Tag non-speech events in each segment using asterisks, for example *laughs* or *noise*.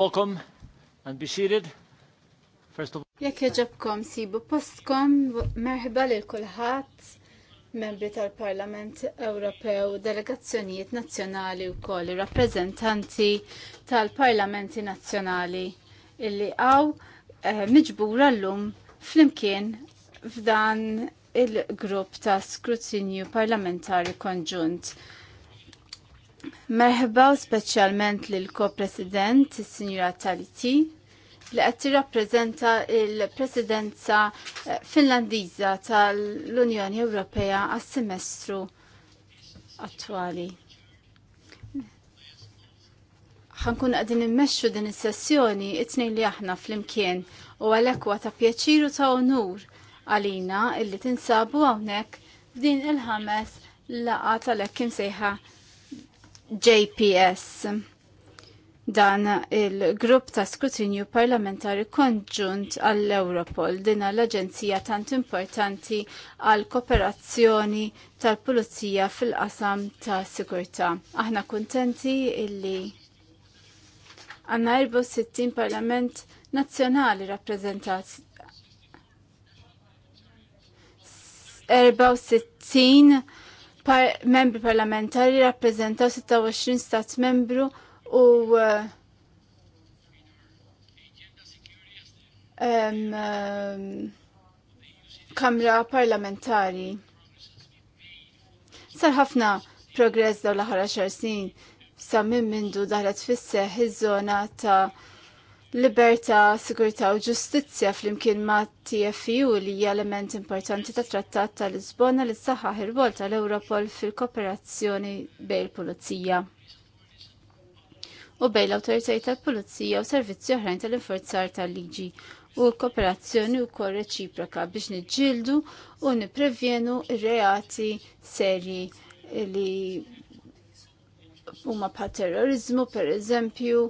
Welcome and be seated. First of all. Jekk jaġobkom sibu postkom, merħba lil kulħadd membri tal-Parlament Ewropew, delegazzjonijiet nazzjonali u koll rappresentanti tal-Parlamenti nazzjonali illi għaw eh, miġbura l-lum flimkien f'dan il-grupp ta' skrutinju parlamentari konġunt. Merħba u speċjalment lil ko-president, sinjura Taliti, li qed tirrappreżenta il-presidenza eh, finlandiża tal-Unjoni Ewropea għas-semestru attwali. ħankun għadin immexxu din is-sessjoni it-tnejn li aħna fl-imkien u għalhekk huwa ta' pjaċiru ta' onur għalina illi tinsabu hawnhekk din il-ħames laqa tal-ekkim sejħa JPS. Dan il-grupp ta' skrutinju parlamentari konġunt għall-Europol din l-Aġenzija tant importanti għall kooperazzjoni tal-Pulizija fil-qasam ta' sigurtà. Aħna kuntenti illi għanna 64 parlament nazzjonali rappresentat 64 par membri parlamentari rappresentaw 26 stat membru u um, um, kamra parlamentari. Sar ħafna progress daw l-ħara xar snin sa minn mindu daħlet fisse iż-żona ta' Libertà, sigurtà u ġustizzja flimkien ma' TFU li hija element importanti ta' trattat ta' Lisbona li saħħaħ ir-rwol tal-Europol fil-kooperazzjoni bejn il-Pulizija u bejn l-awtoritajiet tal-Pulizija u servizzi oħrajn tal-infurzar tal-liġi u kooperazzjoni wkoll reċiproka biex niġġieldu u niprevjenu reati serji li huma bħal terrorizmu pereżempju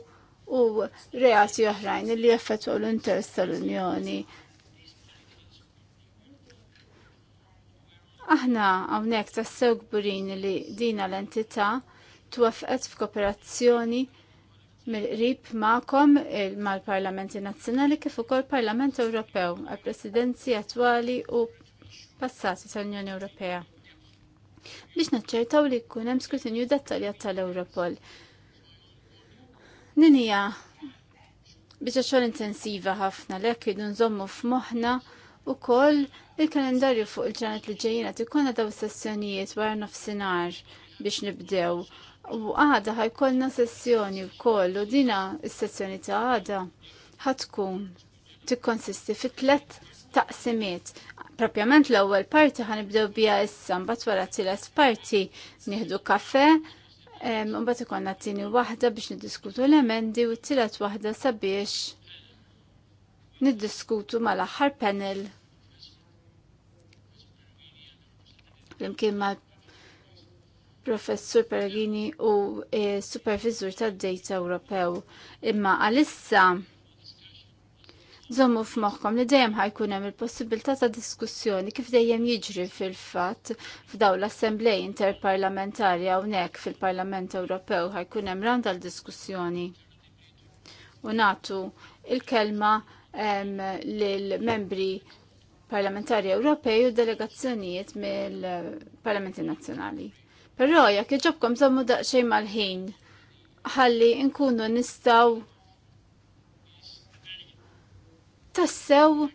u reati oħrajn li jaffetwa l-interess tal-Unjoni. Aħna hawnhekk tassew gburin li dina l-entità twafqet f'kooperazzjoni mill-qrib ma'kom mal-Parlamenti Nazzjonali kif ukoll Parlament Ewropew għall-Presidenzi attwali u passati tal-Unjoni Ewropea biex naċċertaw li jkun hemm skrutinju dettaljat tal-Europol. tal europol Ninija bieċa xogħol intensiva ħafna lek jidu nżommu f'moħħna u koll il-kalendarju fuq il ġanet li ġejjina tikkonna daw sessjonijiet wara nofsinhar biex nibdew. U għada ħajkollna sessjoni wkoll u dina s-sessjoni ta' għada ħatkun tikkonsisti fi tlet taqsimiet. Propjament l-ewwel parti ħanibdew biha issa mbagħad wara tielet parti nieħdu kafe, Mbagħad ikollna t-tieni waħda biex niddiskutu l-emendi u t-tielet waħda sabiex niddiskutu mal-aħħar panel flimkien ma' professur Peragini u eh, supervisur tad-Data Ewropew. Imma għalissa Zommu f'moħħkom li dejjem ħajkun hemm il-possibilità ta' diskussjoni kif dejjem jiġri fil-fatt f'daw l-Assemblej Interparlamentari hawnhekk fil-Parlament Ewropew ħajkun hemm randa l-diskussjoni. U natu il-kelma lill-membri parlamentari Ewropej u delegazzjonijiet mill-Parlamenti Nazzjonali. Però jekk iġobkom żommu daqsxejn mal-ħin ħalli nkunu nistaw tassew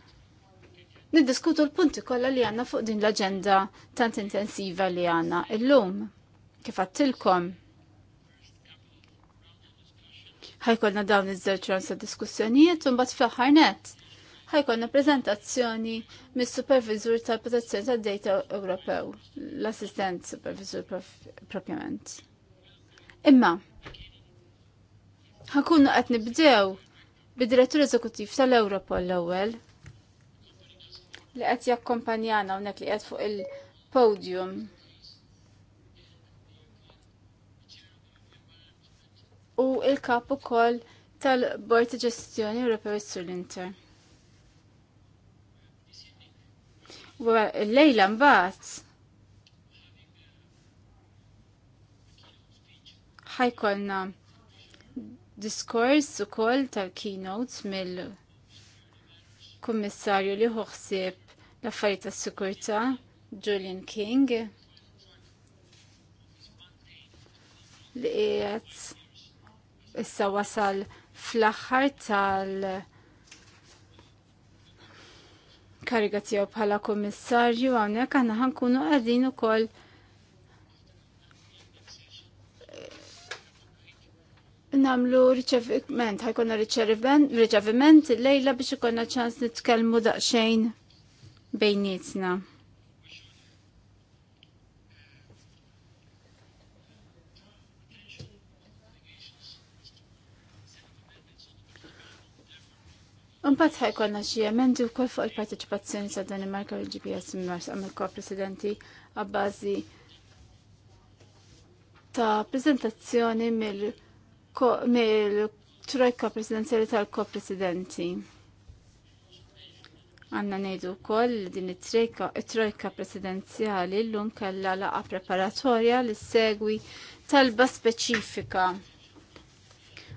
niddiskutu l-punti kollha li għanna fuq din l-agenda tant intensiva li għanna illum kif għattilkom. Ħajkolna dawn iż-żewġ rounds diskussjonijiet u mbagħad fl-aħħar net ħajkolna preżentazzjoni mis-Supervisur tal-Protezzjoni tad-Data Ewropew, l-Assistent Supervisur propjament. Imma, ħakunu qed nibdew bid-direttur eżekutiv tal-Europol l-ewwel li qed jakkompanjana hawnhekk li qed fuq il-podium. U il-kap ukoll tal-Bord ta' Ġestjoni Ewropew Sur-Linter. U l-lejla mbagħad ħajkollna diskors ukoll tal-keynotes mill-kummissarju li ħoħsib l-affarijiet tas sikurta Julian King li qiegħed issa wasal fl-aħħar tal- kariga tiegħu bħala kummissarju hawnhekk aħna ħankunu qegħdin ukoll namlu riċeviment, ħajkonna riċeviment lejla biex ikonna ċans nitkellmu daqxejn bejnietna. Unpat ħajkonna xie emendi u kol fuq il-parteċipazzjoni ta' Danimarka u l-GPS Mars għamil ko-presidenti għabbażi ta' prezentazzjoni mill- mill-trojka presidenziali tal-ko-presidenti. Għanna nejdu koll din it-trojka presidenzjali l-lum kalla laqa preparatorja li segwi talba speċifika.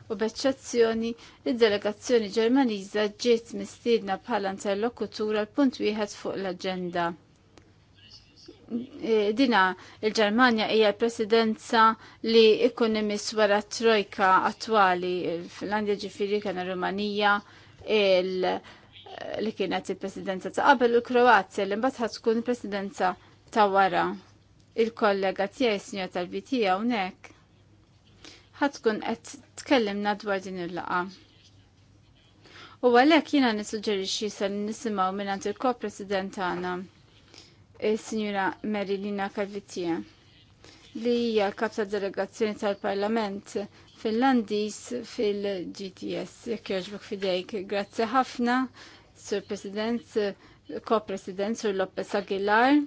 U b'eċċezzjoni, id-delegazzjoni ġermaniża ġiet mistiedna bħala interlokutura l-punt wieħed fuq l-aġenda. Eh, dina il-Ġermanja hija presidenza li ikun imis wara trojka attwali il-Finlandja ġifiri kena Rumanija il li kienet il-presidenza ta' qabel u Kroazja li mbagħad ħad tkun presidenza ta' wara il-kollega tiegħi sinjor tal-vitija hawnhekk ħad tkun qed tkellimna dwar din il-laqa. U għalhekk jiena nissuġġerixxi se nisimgħu mingħand il-ko-president tagħna il-Sinjura Marilina Calvitia li hija kapta delegazzjoni tal-Parlament Finlandis fil-GTS. Jekk jogħġbok fidejk, grazzi ħafna, Sur President, Ko-President Sur Lopez Aguilar.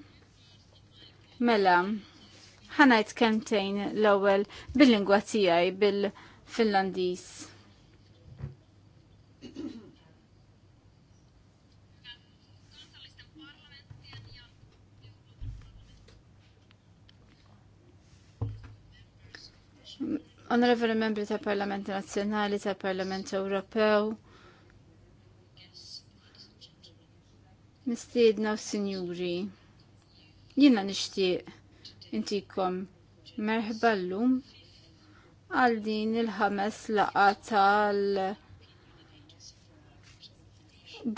Mela, ħanajt kemtejn l-ewwel bil-lingwa tiegħi bil-Finlandis. Onorevoli membri tal Parlament Nazzjonali, tal Parlament Ewropew, mistiedna u sinjuri, jina nishtiq intikom merħba l-lum għal din il-ħames laqa tal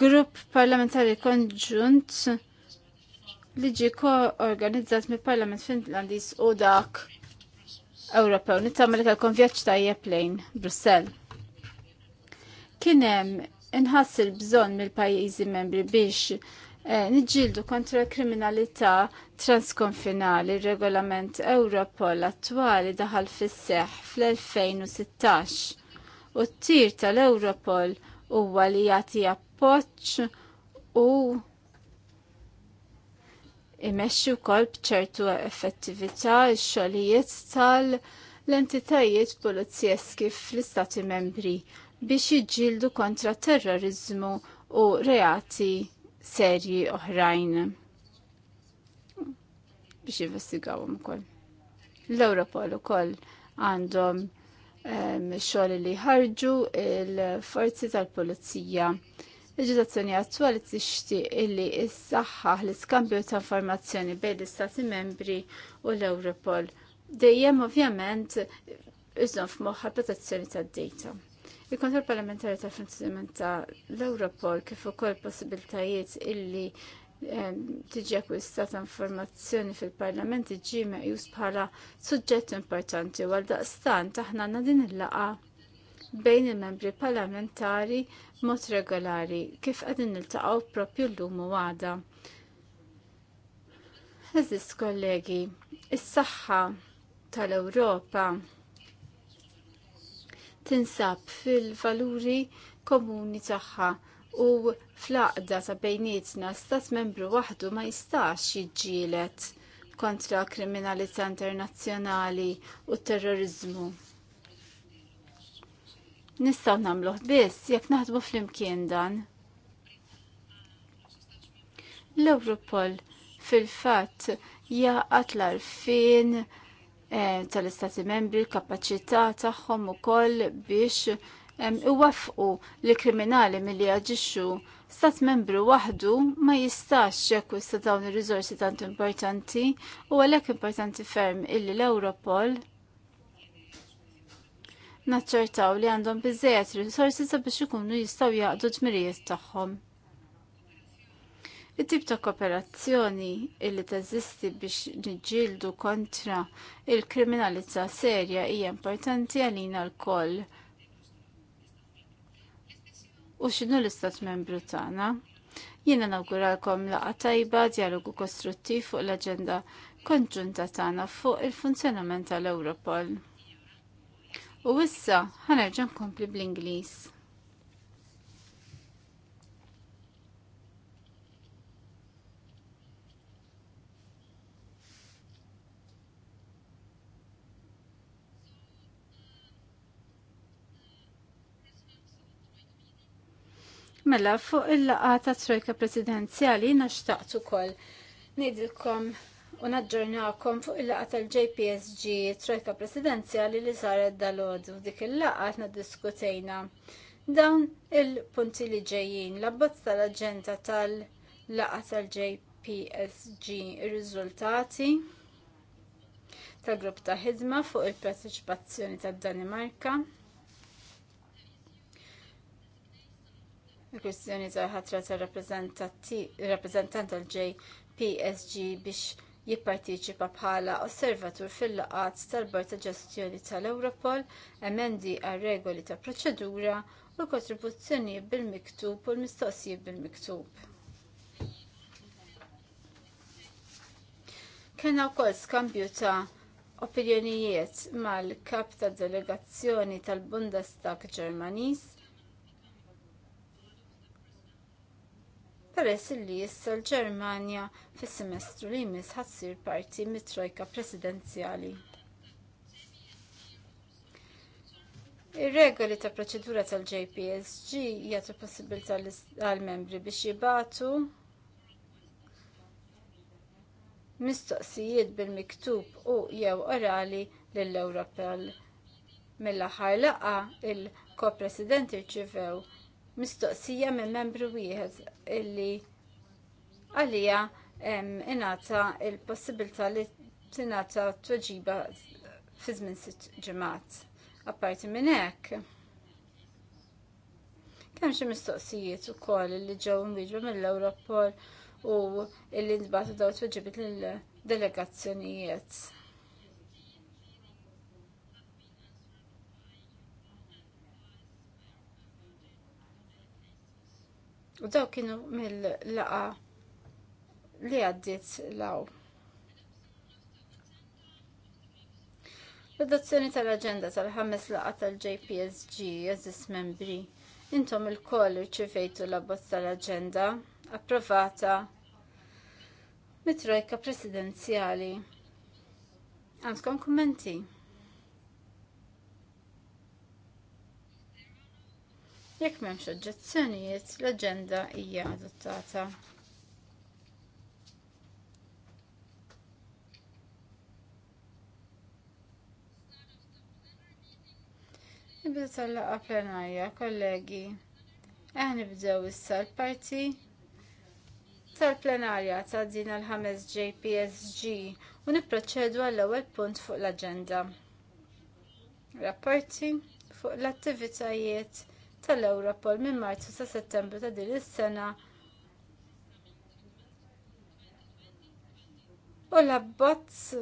grupp parlamentari konġunt li ġi ko organizzat mill parlament Finlandiż u dak Ewropew. Nittamel kelkom konvjaċ tajjeb lejn Brussell. Kien hemm inħassil bżonn mill-pajjiżi membri biex eh, Nġildu kontra kriminalità transkonfinali regolament Europol attwali daħal fis fl-2016 u t-tir tal-Europol huwa li jagħti appoġġ u imexxu wkoll bċertu effettività x-xogħlijiet tal-entitajiet polizjeski fl-Istati membri biex jiġġieldu kontra terrorizmu u reati serji oħrajn biex u ukoll. L-Europol ukoll għandhom ehm, xogħol li ħarġu il-forzi tal-pulizija Leġizazzjoni attwali ixti illi s-saħħaħ l-iskambju ta' informazzjoni bejn l-Istati membri u l-Europol dejjem ovvjament iżon f'moħħa protezzjoni tad-data. Il-kontroll parlamentari tal funzjonament ta' l-Europol kif ukoll possibiltajiet illi ehm, tiġi akkwistata informazzjoni fil-Parlament iġi meqjus bħala suġġett importanti u għal daqstan aħna għandna din il-laqa bejn il-membri parlamentari mod regolari kif qegħdin niltaqgħu proprju llum u għada. Eżis kollegi, is-saħħa tal-Ewropa tinsab fil-valuri komuni tagħha u fl-aqda ta' bejnietna stat membru waħdu ma jistax jiġġielet kontra kriminalità internazzjonali u terrorizmu. Nistaw namluħ biss jekk naħdmu fl-imkien dan. L-Europol fil-fatt jaqat l-arfin eh, tal-Istati membri l-kapacità tagħhom ukoll biex iwaffqu li kriminali milli jaġixxu stat membru waħdu ma jistax jekwista dawn ir-riżorsi tant importanti u għalhekk importanti ferm illi l-Europol naċċertaw li għandhom bizzejet risorsi sabiex ikunu jistgħu jaqdu ġmirijiet tagħhom. It-tip ta' kooperazzjoni illi teżisti biex niġġieldu kontra il-kriminalità serja hija importanti għalina l-koll. U x'inhu l-istat membru tagħna? Jiena nawguralkom laqa tajba dialogu kostruttiv fuq l-aġenda konġunta tagħna fuq il-funzjonament tal-Europol. U issa ħanerġa' nkompli bl-Ingliż. Mela, fuq il laqata ta' trojka presidenzjali naxtaqtu kol. Nidilkom u naġġornakom fuq il-laqa tal-JPSG Trojka Presidenzjali li saret dal-ħodu. Dik il-laqa għatna diskutejna dawn il-punti li ġejjin l-abbozz tal-agenda tal-laqa tal-JPSG il riżultati tal-grupp ta' ħidma fuq il-parteċipazzjoni tad-Danimarka. Il-kwistjoni tal-ħatra tal-rappresentant tal-JPSG biex jipparteċipa bħala osservatur fil-laqat tal-Bord ta' Ġestjoni tal-Europol, emendi għal regoli ta' proċedura u kontribuzzjoni bil-miktub u l-mistoqsijiet bil-miktub. Kena wkoll skambju ta' opinjonijiet mal-kap tad delegazzjoni tal-Bundestag Ġermaniż peress li issa l-Ġermanja fis-semestru li jmiss ħassir parti mit-trojka presidenzjali. Ir-regoli ta' proċedura tal-JPSG jagħtu possibilità għal-membri biex jibatu mistoqsijiet bil-miktub u jew orali lill-Ewropel. Mill-aħħar laqgħa il-ko-president irċivew mistoqsija minn membru wieħed illi għalija inata il possibilta li tinata tweġiba fi żmien sitt ġimgħat. Apparti minn hekk. Kemm xi mistoqsijiet ukoll li ġew nwieġbu mill-Europol u illi nbagħtu daw tweġibit l delegazzjonijiet U daw kienu mill-laqa li għaddit law. L-adozzjoni tal-agenda tal-ħames laqa tal-JPSG jeżis membri. Intom il-koll irċivejtu l-abbozz tal-agenda approvata mit presidenziali. presidenzjali. Għandkom kommenti? Jekk m'hemmx oġġezzjonijiet, l-aġenda hija adottata. Nibda tal-laqa plenarja, kollegi. Eh nibdew issa l-parti tal-plenarja ta' din l ħames JPSG u nipproċedu għall-ewwel punt fuq l-aġenda. Rapporti fuq l-attivitajiet tal-Europol minn Marzu sa' Settembru ta' din is-sena. U l-abbozz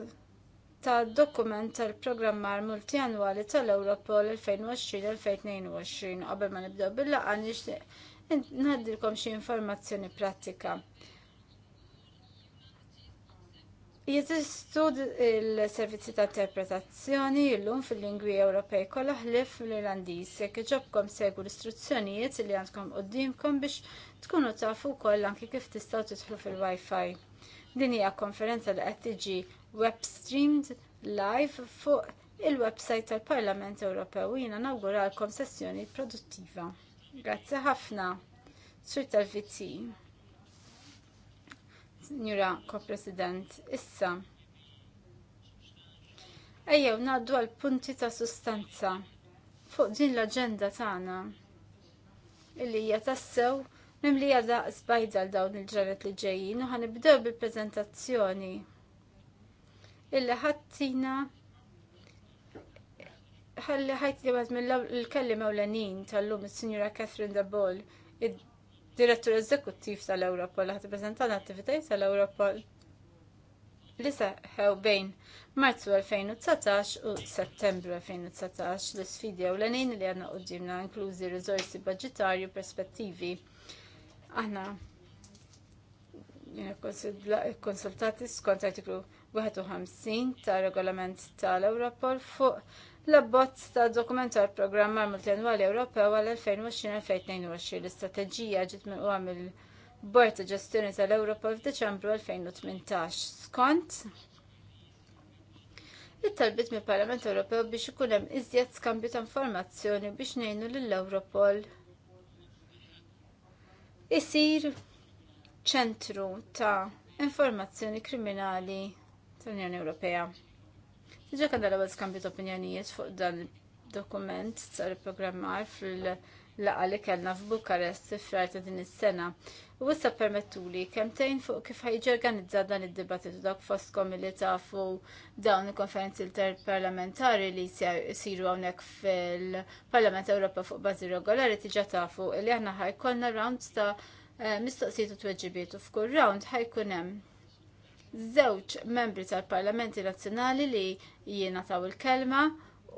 ta' dokument tal-programmar multianwali tal-Europol 2020-2022 qabel ma nibdew bil-laqgħa nixtieq ngħaddilkom xi informazzjoni prattika. Jeżistu il-servizzi ta' interpretazzjoni illum fil-lingwi Ewropej kollha ħlif l-Irlandiż jekk iġobkom segu l-istruzzjonijiet li għandkom qudiemkom biex tkunu tafu wkoll anki kif tistgħu tidħlu fil-Wi-Fi. Din hija konferenza li qed tiġi web streamed live fuq il-website tal-Parlament Ewropew jiena nawguralkom sessjoni produttiva. Grazzi ħafna, Sur tal Njura Ko-President, issa. Ejjew naddu għal punti ta' sustanza fuq din l-agenda tagħna illi hija tassew li daqs sbajda għal dawn il ġaret li ġejjin u ħanibdew bil prezentazzjoni illi ħattina ħalli ħajt li għad mill-kellim ewlenin tal-lum il-Sinjura Catherine Dabol, direttur eżekuttiv tal-Europol li ħatippreżenta l attivitaj tal-Europol li seħħew bejn Marzu 2019 u Settembru 2019 l isfidi ewlenin li għandna quddiemna inklużi riżorsi budġetarju perspettivi. Aħna konsultati skont artiklu 51 tar regolament tal-Europol fuq l-abbozz ta' dokument tal programm multinwali Ewropew għal 2020-2022. L-istrateġija ġiet minn huwa mill-Bord ta' Ġestjoni tal-Ewropa f'Deċembru 2018. Skont it-talbit mill parlament Ewropew biex ikun hemm iżjed skambju ta' informazzjoni biex ngħinu lill ewropol isir ċentru ta' informazzjoni kriminali tal-Unjoni Ewropea. Diġa kan darba skambju ta' opinjonijiet fuq dan dokument sar programmar fil-laqa li kellna f'Bukarest frar ta' din is-sena. U issa permettuli kemtejn fuq kif ħajġi organizza dan id-dibattitu dak fostkom li tafu dawn il-konferenzi interparlamentari li siru hawnhekk fil-Parlament Ewropa fuq bażi regolari tiġa tafu li aħna ħajkonna round ta' eh, mistoqsijiet u tweġibiet u f'kull round ħajkun hemm żewġ membri tal-Parlamenti Nazzjonali li jiena taw il-kelma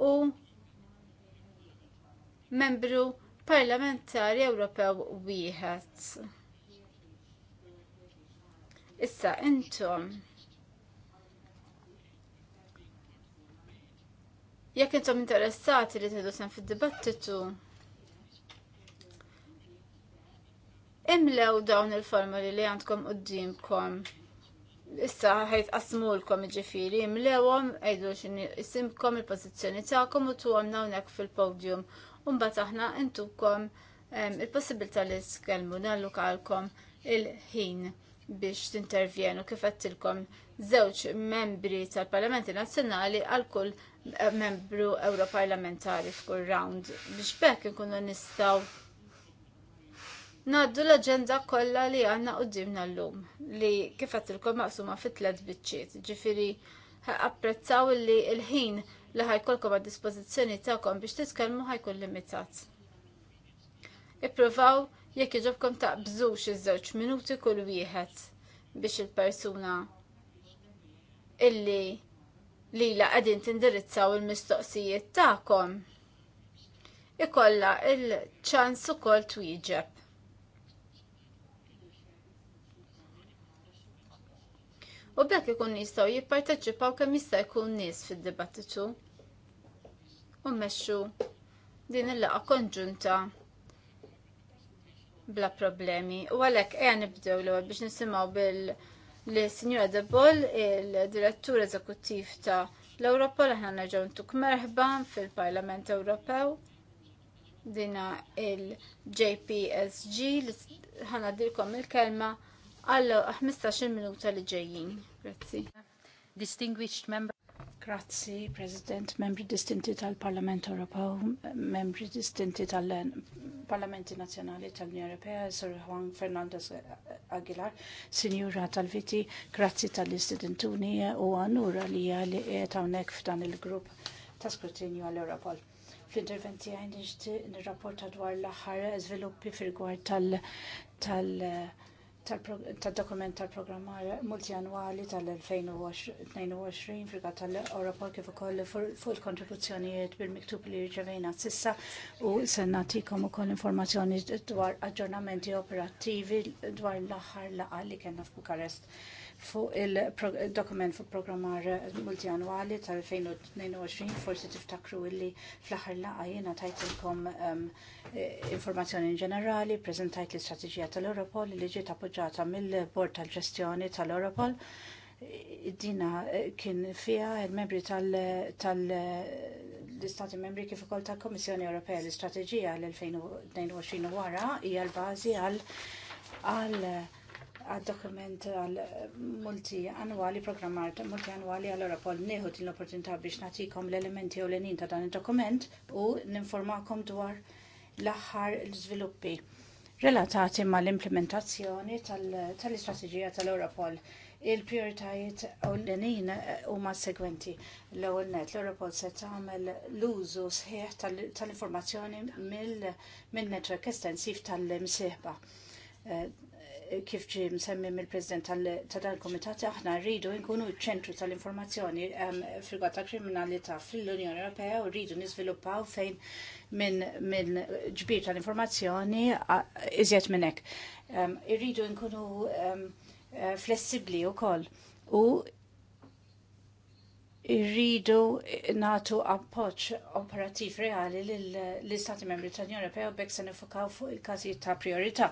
u membru parlamentari Ewropew wieħed. Issa intom jekk intom interessati li tħedu sen fid-dibattitu, imlew dawn il-formuli li għandkom qoddimkom issa ħajt qasmulkom ġifiri, mlewom, għajdu xini isimkom il-pozizjoni ta'kom u tu għamna unek fil-podium. Umbat aħna intukom il-possibilta li t-skelmu nallukalkom il-ħin biex t-intervjenu kif ilkom zewċ membri tal-Parlamenti Nazzjonali għal kull membru Ewroparlamentari f'kull round biex bekk nkunu nistaw Naddu l-agenda kollha li għanna qoddimna l-lum li kif kol maqsuma fit tlet bitċiet. Ġifiri, apprezzaw li l-ħin li ħajkolkom għad dispożizzjoni tagħkom biex titkellmu ħajkun limitat. Ippruvaw jekk iġobkom taqbżux iż-żewġ minuti kull wieħed biex il-persuna illi lila qegħdin tindirizzaw il-mistoqsijiet tagħkom ikolla il-ċans ukoll twieġeb u bekk ikun jistgħu jipparteċipaw kemm jista' jkun nies fid-dibattitu u mmexxu din il-laqgħa konġunta bla problemi. U għalek, eja nibdew l biex nisimaw bil li signora De Boll, il-direttur eżekuttiv ta' l-Europa li ħanna ġew ntuk merħba fil-Parlament Ewropew. Dina il-JPSG li ħanna il-kelma Allo, 15 ah, minuta li ġejjin. Grazzi. Distinguished member. Grazzi, President, membri distinti tal-Parlament Ewropew, membri distinti tal-Parlamenti Nazzjonali tal-Unjoni Ewropea, Sir Juan Fernandez Aguilar, Signora Talviti, grazzi tal-istudentuni u għanura li għalli għet hawnhekk f'dan il-grupp ta' skrutinju għall-Europol. Fl-interventi n nirrapporta dwar l-aħħar zviluppi fil-gwar tal-, tal, tal tal-dokument tal multi multianwali tal-2022 friga tal-Europa kif ukoll fuq il-kontribuzzjonijiet bil-miktub li rġevejna sissa u se nagħtikom ukoll informazzjoni dwar aġġornamenti operattivi dwar l-aħħar laqgħa li kellna f'Bukarest fuq il-dokument fuq programmar multianwali tal-2022 forsi tiftakru illi fl-aħħar laqa jena tajtilkom ehm, informazzjoni ġenerali, prezentajt l-istrateġija tal-Europol li ġiet appoġġjata mill-Bord tal-Ġestjoni tal-Europol. Dina eh, kien fiha il-membri tal-Istati membri kif ukoll tal komissjoni Ewropea l-istrateġija l-2022 wara hija l-bażi għal għad-dokument għal-multi annuali, programmar multi annuali għal-Europol, neħu din l-opportunità biex natikom l-elementi u l-enin ta' dan il-dokument u ninformakom dwar l-axħar l-sviluppi relatati ma l-implementazzjoni tal-istrategija tal-Europol. Il-prioritajiet u l-enin u ma segwenti l-ewel net l-Europol se tagħmel l-użu sħiħ tal-informazzjoni mill-netwerk estensiv tal-imsieħba eh, kif ġi msemmi mill-President ta' dan komitat aħna rridu nkunu ċentru tal-informazzjoni ehm, fil ta' kriminalità fil-Unjoni Ewropea u rridu niżviluppaw fejn minn ġbir tal-informazzjoni iżjed minn hekk. Ehm, irridu nkunu ehm, eh, flessibbli wkoll u irridu natu appoċ operativ reali l-Istati Membri tal-Unjoni Ewropea u bekk se nifukaw fuq il-każijiet ta' priorità,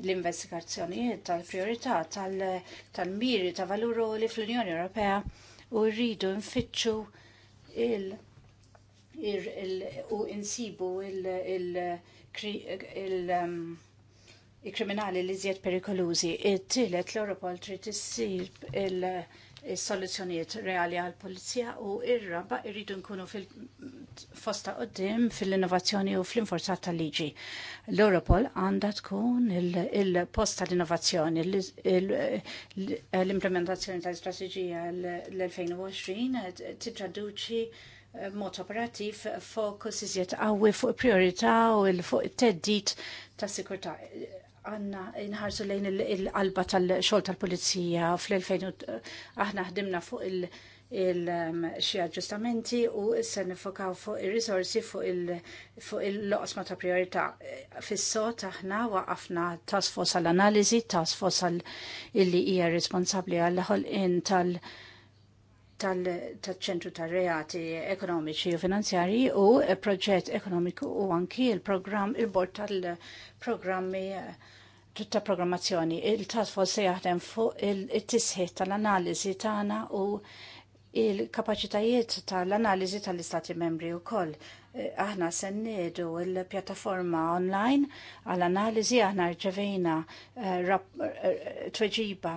l-investigazzjonijiet tal-priorità, tal-miri, ta' valuru li fl-Unjoni Ewropea u rridu nfittxu il- u insibu il-kriminali um, li zjed perikolużi. Il-tillet l-Europol trid issib il-, il, il, il, il, il, il, il, il is-soluzzjonijiet reali għal polizija u ir-raba irridu nkunu fil-fosta qoddim fil-innovazzjoni u fl-inforzat tal-liġi. L-Europol għandha tkun il-post tal-innovazzjoni, l-implementazzjoni tal strategija l-2020 titraduċi mod operativ fokus iżjed qawwi fuq priorità u fuq it-teddit ta' sikurta' għanna inħarsu lejn il-qalba tal-xol tal-polizija fl-2000 aħna ħdimna fuq il- il-xie um, aġġustamenti u se nifokaw fuq il-risorsi fuq il-loqsma ta' priorità. Fis-sot aħna waqafna tasfos għal analizi tasfos għal illi hija responsabbli għall in tal- tal-ċentru tal-reati ekonomiċi u finanzjari u proġett ekonomiku u anki il-programm, il-bord tal-programmi tutta eh, programmazzjoni. Il-tasfol se jaħdem fuq il-tisħiet tal-analizi tagħna u il-kapacitajiet tal-analizi tal-istati membri u koll Eh, aħna sennedu il-pjattaforma online għal-analizi aħna rġevejna eh, eh, tweġiba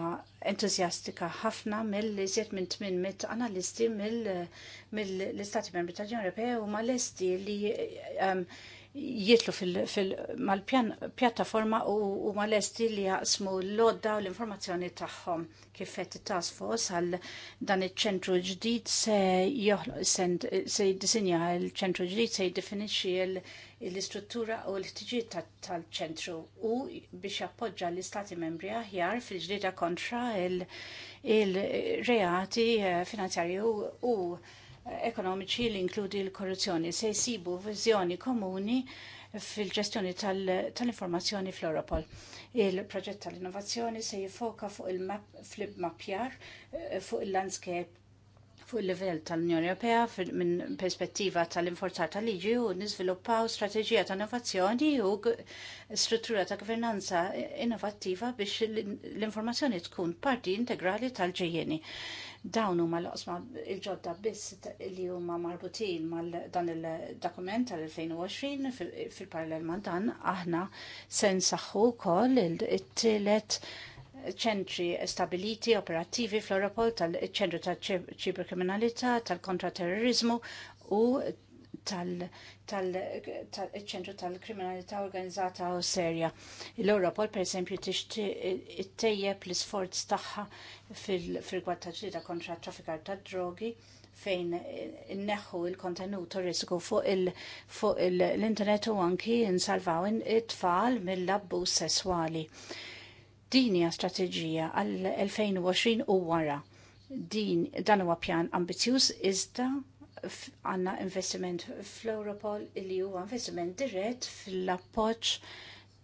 entuzjastika ħafna mill-iżjed minn 800 analisti mill-Istati Membri tal-Unjoni Ewropea u mal-esti li jitlu mal-pjattaforma u mal-esti li jaqsmu l-lodda u l-informazzjoni tagħhom kif qed task għal dan iċ-ċentru ġdid se se jiddisinja l-ċentru ġdid se jiddefinixxi l-istruttura u l-ħtiġijiet tal-ċentru u biex jappoġġa l-istati membri aħjar fil-ġdida kontra il-reati eh, finanzjarji u ekonomiċi li inkludi l-korruzzjoni se jsibu viżjoni komuni fil-ġestjoni tal-informazzjoni tal fl-Europol. Il-proġett tal-innovazzjoni se jifoka fuq il-mappjar, eh, fuq il-landscape fuq il-livell tal-Unjoni Ewropea minn perspettiva tal-inforzar tal-liġi u niżviluppaw strateġija ta' innovazzjoni u struttura ta' governanza innovattiva biex l-informazzjoni tkun parti integrali tal-ġejjeni. Dawn huma l-oqsma il-ġodda biss li huma marbutin mal dan il-dokument tal-2020 fil-parallel ma' dan aħna se nsaħħu wkoll it-tielet ċentri stabiliti operattivi fl-Europol tal-ċentru tal-ċiberkriminalità tal-kontraterrorizmu u tal-ċentru tal-kriminalità organizzata u serja. L-Europol, per esempio, tejjeb l-sforz tagħha fil-gwad ġlida kontra traffikar ta' drogi fejn neħu il-kontenut u risku fuq l-internet u anki nsalvaw it-tfal mill-abbuż sesswali. Din hija strateġija għal 2020 u wara. Din dan huwa pjan ambizjuż iżda għanna investiment fl-Europol li huwa investiment dirett fl-appoġġ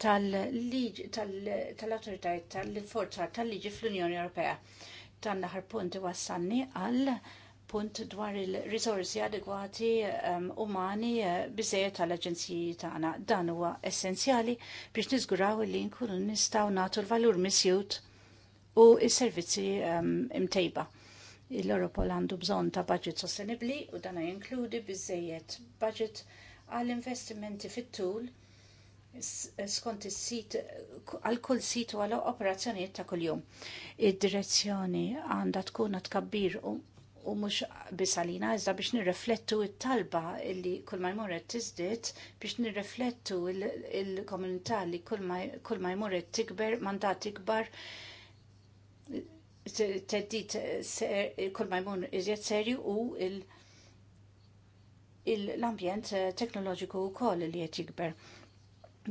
tal autoritajt tal-forza tal-liġi fl-Unjoni Ewropea. Tan naħar punti wassanni għal punt dwar il-risorsi adegwati ehm, umani eh, biżejjed tal-aġenziji tagħna. Dan huwa essenzjali biex niżguraw li nkunu nistgħu nagħtu l-valur misjut u s-servizzi ehm, imtejba l-Europol għandu bżonn ta' budget sostenibbli u dan jinkludi biżżejjed budget għall investimenti fit-tul skont is-sit għal kull sit u għal operazzjonijiet ta' kuljum. Id-direzzjoni għandha tkun tkabbir u mhux biss għalina iżda biex nirreflettu t talba li kull ma jmur qed biex nirreflettu l komunità li kull ma jmur tikber mandat ikbar teddit kull majmun iżjed serju u l-ambjent teknoloġiku wkoll li qed jikber.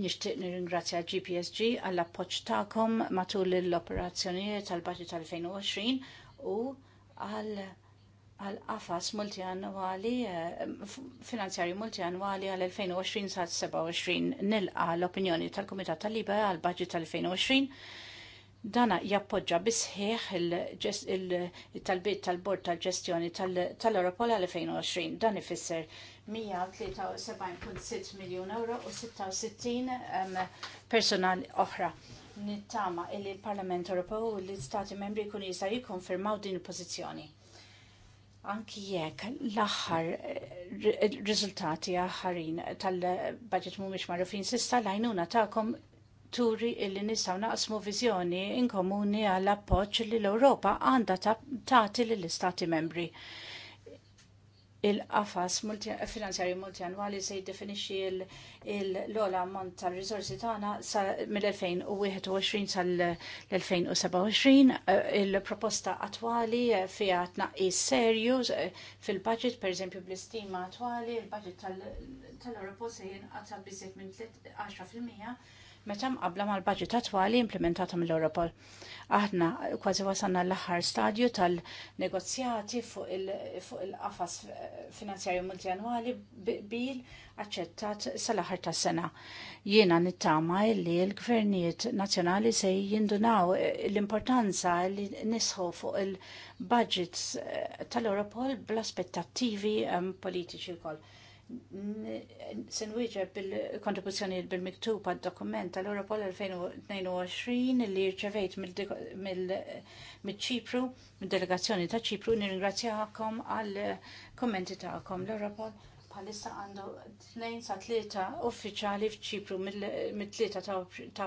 Nixtieq nirringrazzja GPSG għall appoġġ tagħkom matul l-operazzjonijiet tal-Baġit tal-2020 u għal għal qafas multianwali, finanzjarju multianwali għal 2020 sa' 27 nilqa l-opinjoni tal-Komitat tal-Liba għal budget tal-2020 Dana jappoġġa bisħieħ il-talbiet tal-Bord tal-Ġestjoni tal-Europol għal 2020. Dan ifisser 173.6 miljon euro u 66 personal oħra. Nittama il l-Parlament Ewropew u l-Istati membri kun jista' jikkonfermaw din il-pożizzjoni. Anki jekk l-aħħar riżultati aħħarin tal-budget mhumiex magħrufin s'issa l-għajnuna tagħkom turi illi nistaw naqsmu viżjoni inkomuni għall appoġġ li l-Ewropa għandha tagħti lill istati membri. Il-qafas finanzjarju multianwali se jiddefinixxi l-ola ammont tal-riżorsi tagħna mill-2021 sal-2027. Eh, il-proposta attwali fiha tnaqqis serju eh, fil-budget, pereżempju bl-istima attwali, il-budget tal-Ewropa se jinqata' biżejt minn 10 fil-mija meta qabla mal-budget attwali implementata mill-Europol. Aħna kważi wasanna l-aħħar stadju tal-negozjati fuq il-qafas finanzjarju multianwali bil aċċettat sal-aħħar tas-sena. Jiena nittama li l-gvernijiet nazzjonali se jindunaw l-importanza li nisħu fuq il-budgets eh, tal-Europol bl-aspettattivi eh, politiċi wkoll Sinwiġa bil-kontribuzzjoni bil-miktub għad dokument tal Europol 2022 li rċevejt mill-ċipru, mill-delegazzjoni ta' ċipru, nirringrazzjakom għal kommenti ta'kom. L-Europol bħalissa għandu 2 sa 3 uffiċali f'ċipru mill-3 ta'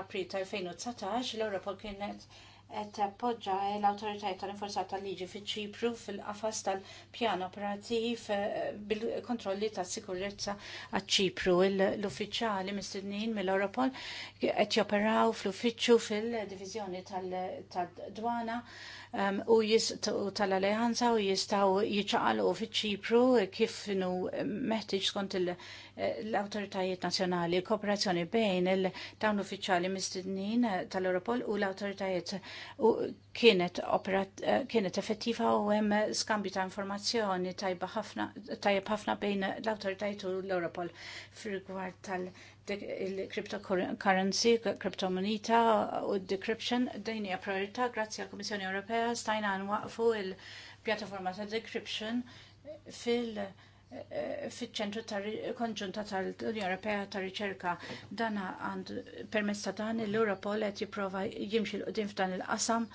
april ta' 2019 l-Europol kienet qed tappoġġa l-awtoritajiet tal inforzat tal-liġi fiċ-Ċipru fil-qafas tal-pjan operattiv eh, bil-kontrolli tas-sikurezza għaċ-Ċipru. L-uffiċjali mistednin mill-Europol qed joperaw fl-uffiċċju fil-Diviżjoni tad-Dwana. Tal u tal-alleanza u jistaw jiċaqalu fi ċipru kif nu meħtieġ skont l-autoritajiet nazjonali, kooperazzjoni bejn il-dawn uffiċali mistednin tal-Europol u l-autoritajiet kienet, kienet effettiva u hemm skambju ta' informazzjoni tajba ħafna bejn l-autoritajiet u l-Europol fil-rigward tal- il-cryptocurrency, kriptomonita uh, u decryption dejni hija priorità grazzi għall kummissjoni Ewropea stajna nwaqfu il-pjattaforma ta' decryption fil- eh, fiċ-ċentru konġunta tal-Unjoni Ewropea ta' riċerka dan għand permezz ta' dan l-Europol qed jipprova jimxil u qudiem f'dan il-qasam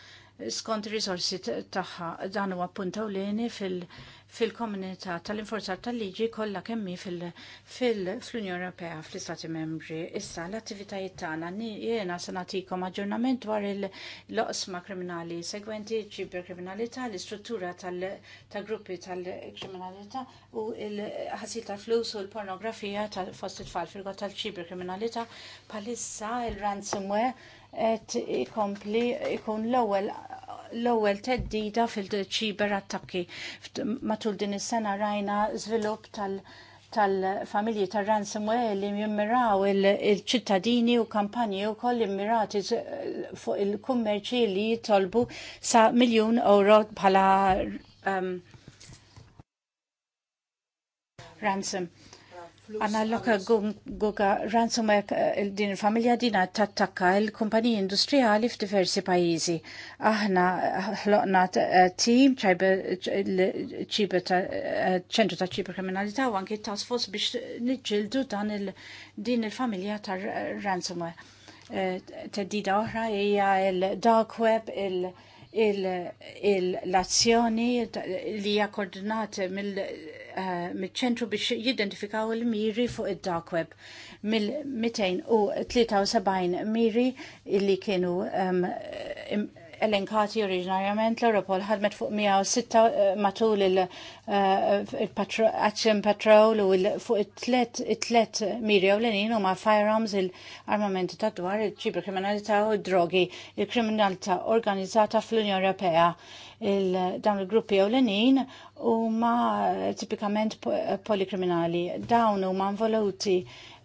skont risorsi tagħha dan huwa punta leni fil-komunità fil-komunità tal-inforzat tal-liġi kollha kemmi fil-Unjoni Ewropea fl-Istati Membri. Issa l-attivitajiet tagħna jiena se nagħtikom aġġornament dwar il-loqsma kriminali segwenti ċibber kriminalità, l-istruttura tal-gruppi tal-kriminalità u l-ħasil tal-flus u l-pornografija tal-fost it-tfal fil-got tal-ċibber kriminalità palissa il-ransomware qed ikompli ikun l-ewwel l-ewwel teddida fil-ċiber attakki. Matul din is-sena rajna żvilupp tal- tal-familji tal-ransomware li jimmiraw il-ċittadini il u kampanji u koll jimmirati fuq il-kummerċi li jitolbu sa miljon euro bħala um, ransom. Għanna l-loka Guga Ransomek eh, din il-familja dina tattakka il-kumpaniji industrijali f'diversi pajizi. Aħna ħloqna eh, tim eh, ċentru ta' ċiber kriminalità u anki ta' sfos biex nġildu dan din il-familja ta' Ransomek. Teddida oħra hija il-dark web, il-, -dark web, il l-azzjoni li hija koordinat eh, mill-ċentru biex jidentifikaw il-miri fuq id-dark web mill-273 miri li kienu elenkati oriġinarjament l-Europol ħadmet fuq 106 eh, matul il-Action eh, Patrol u fuq it-tlet mirja u l-enin u ma' firearms il-armamenti ta' dwar il-ċiberkriminalità u drogi il-kriminalità organizzata fl-Unjoni Ewropea dawn il-gruppi u l-enin u ma' tipikament eh, polikriminali dawn u ma' involuti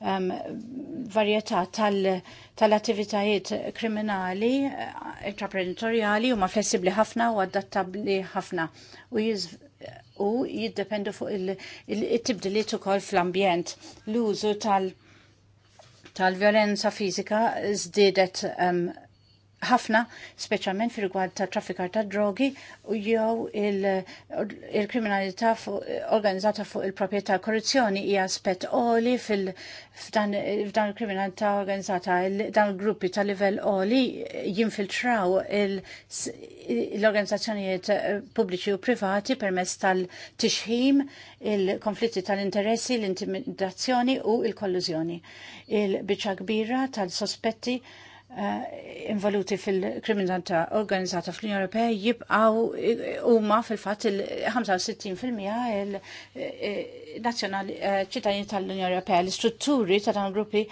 um, varjetà tal-attivitajiet tal kriminali, eh, intraprenditoriali huma flessibli ħafna u adattabbli ħafna u u jiddependu fuq il-tibdiliet il, ukoll fl-ambjent. L-użu tal- tal-violenza fizika żdiedet um, ħafna, speċjalment fil-rigward ta' traffikar ta' drogi u jew il-kriminalità organizzata fuq il-proprjetà korruzzjoni hija aspett oli f'dan il-kriminalità organizzata dan il-gruppi ta' livell oli jinfiltraw l-organizzazzjonijiet eh, pubbliċi u privati permezz tal-tixħim, il-konflitti tal-interessi, l-intimidazzjoni u il-kollużjoni. Il-biċċa kbira tal-sospetti Eh, involuti fil-kriminalità organizzata fl-Unjoni Ewropea jibqgħu eh, huma fil-fatt il-65% il-nazzjonali eh, ċittadini tal-Unjoni Ewropea. L-istrutturi ta' dan gruppi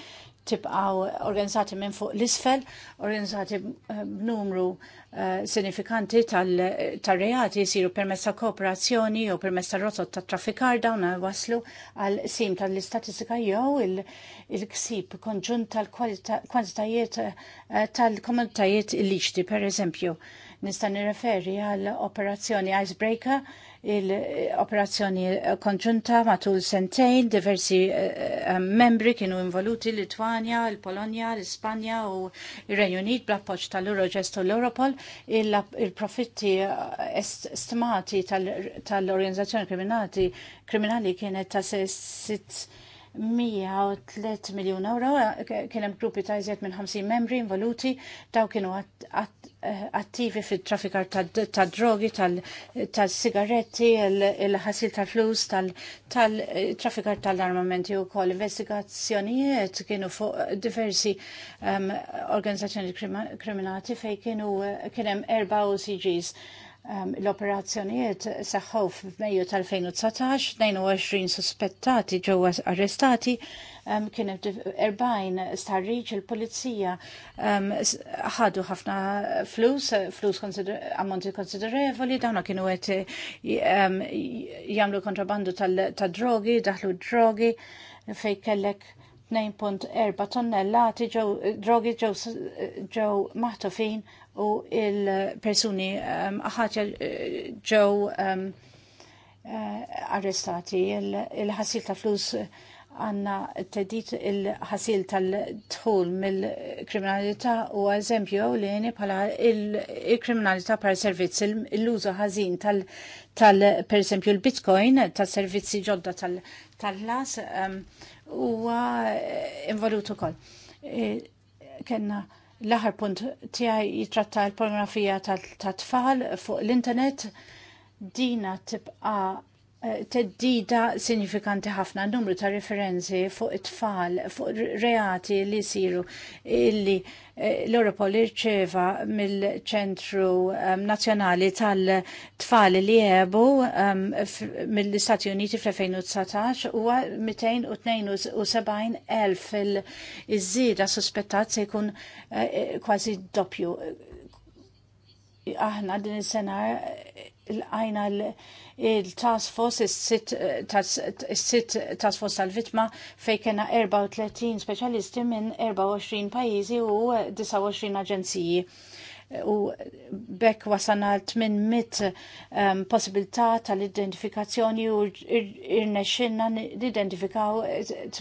tibqaw organizzati minn fuq l-isfel, organizzati eh, b'numru eh, sinifikanti tal-reati jisiru permess ta' kooperazzjoni jew permess ta' rotot ta' traffikar dawn waslu għal sim tal-istatistika jew il-ksib konġunt tal-kwantitajiet eh, tal-komunitajiet il-liċti, per eżempju. Nista' nirreferi għal operazzjoni Icebreaker il-operazzjoni konġunta matul sentejn, diversi uh, membri kienu involuti Litwanja, il-Polonja, l-Ispanja u il-Renju Unit bla appoċ tal uroġest u l-Europol, il-profitti eh, stimati tal-organizzazzjoni kriminali kienet ta' 6 103 miljon euro, eh, kien hemm gruppi ta' minn 50 membri involuti, daw kienu eh, attivi fit traffikar ta' drogi, tal-sigaretti, il-ħasil tal-flus, tal-traffikar eh, tal-armamenti u kol investigazzjonijiet kienu fuq diversi ehm, organizzazzjoni kriminati fej kienu kienem erba OCGs Um, L-operazzjonijiet seħħu f'Mejju tal-2019, 22 suspettati ġewwa arrestati, um, kien 40 starriġ il-pulizija ehm, ħadu ħafna flus, flus konsider ammonti konsiderevoli, dawna kienu qed jagħmlu kontrabandu tad-drogi, daħlu d drogi fej kellek 2.4 tonnellati ġew drogi ġew ġew maħtufin u il-persuni aħatja um, uh, ġew um, uh, arrestati il-ħasil ta' flus għanna t-tedit il-ħasil tal-dħul mill-kriminalità u li jeni pala il-kriminalità par servizz l-użu ħazin tal-per esempio il-bitcoin tal-servizzi ġodda tal-las um, huwa eh, involut ukoll. Eh, kenna l-aħar punt tiegħi jitratta l-pornografija ta' tfal fuq l-internet dina tibqa eh, teddida sinifikanti ħafna numru ta' referenzi fuq it-tfal, fuq reati li jsiru illi l-Europol irċeva mill-ċentru um, nazjonali tal-tfal li jebu um, mill-Istati Uniti fl-2019 u 272.000 fil-izzida suspettat se jkun uh, kważi doppju. Aħna din is-sena l-għajna l-, -ajna l il-task force is-sit task force tal-vitma fej kena 34 speċjalisti minn 24 pajjiżi u 29 aġenziji u bekk wasanna 800 um, possibilità tal-identifikazzjoni u irnexxinna l-identifikaw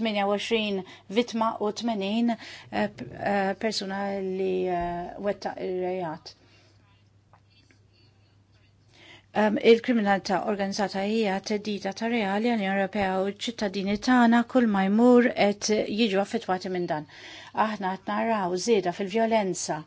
28 vittma u 80 uh, uh, persuna li uh, wetta ir-rejat Um, Il-kriminalità organizzata hija teddida ta' reali għal Ewropea u ċittadini tagħna kull ma jmur qed jiġu affettwati minn dan. Aħna qed naraw żieda fil-vjolenza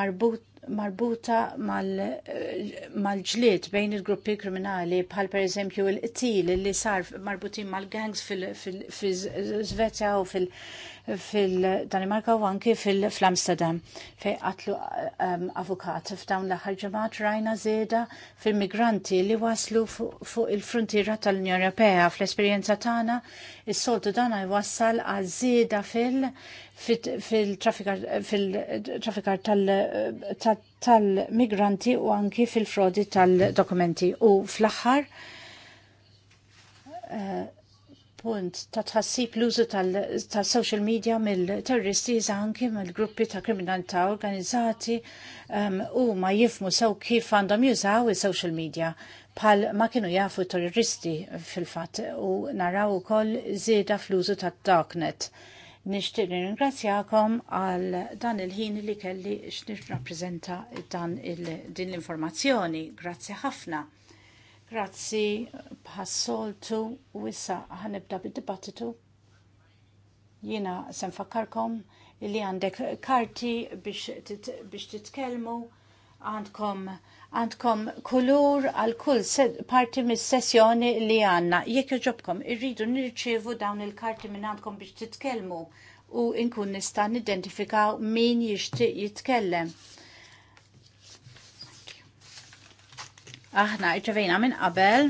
marbut marbuta mal-ġlied mal bejn il-gruppi kriminali bħal per eżempju il-qtil li sar marbutin mal-gangs fil-Svezja u fil-, fil, fil, fil fil-Danimarka u anki fil-Amsterdam fej qatlu um, avukat f'dawn l-aħħar ġemat rajna żieda fil-migranti li waslu fuq il-frontiera tal-Unjoni Ewropea fl-esperjenza tagħna is-soltu dan jwassal għal zeda fil- fil-traffikar tal-migranti u anki fil-frodi tal-dokumenti u fl-aħħar uh, punt ta' tħassib l-użu tal-social media mill-terroristi anki mill-gruppi ta' kriminalità organizzati um, u ma jifmu sew kif għandhom jużaw il-social media bħal ma kienu jafu terroristi fil-fat u naraw ukoll żieda fl-użu tad-darknet. Nixtieq ringrazzjakom għal dan il-ħin li kelli x'nirrappreżenta dan il-din l-informazzjoni. Grazzi ħafna. Grazzi bħassoltu u issa ħanibda bid-dibattitu. Jiena sen fakkarkom li għandek karti biex titkellmu għandkom għandkom kulur għal kull parti mis sessjoni li għanna. Jekk joġobkom, irridu nirċivu dawn il-karti minn għandkom biex titkellmu u inkun nista' nidentifikaw min jixtieq jitkellem. Aħna irċevejna minn qabel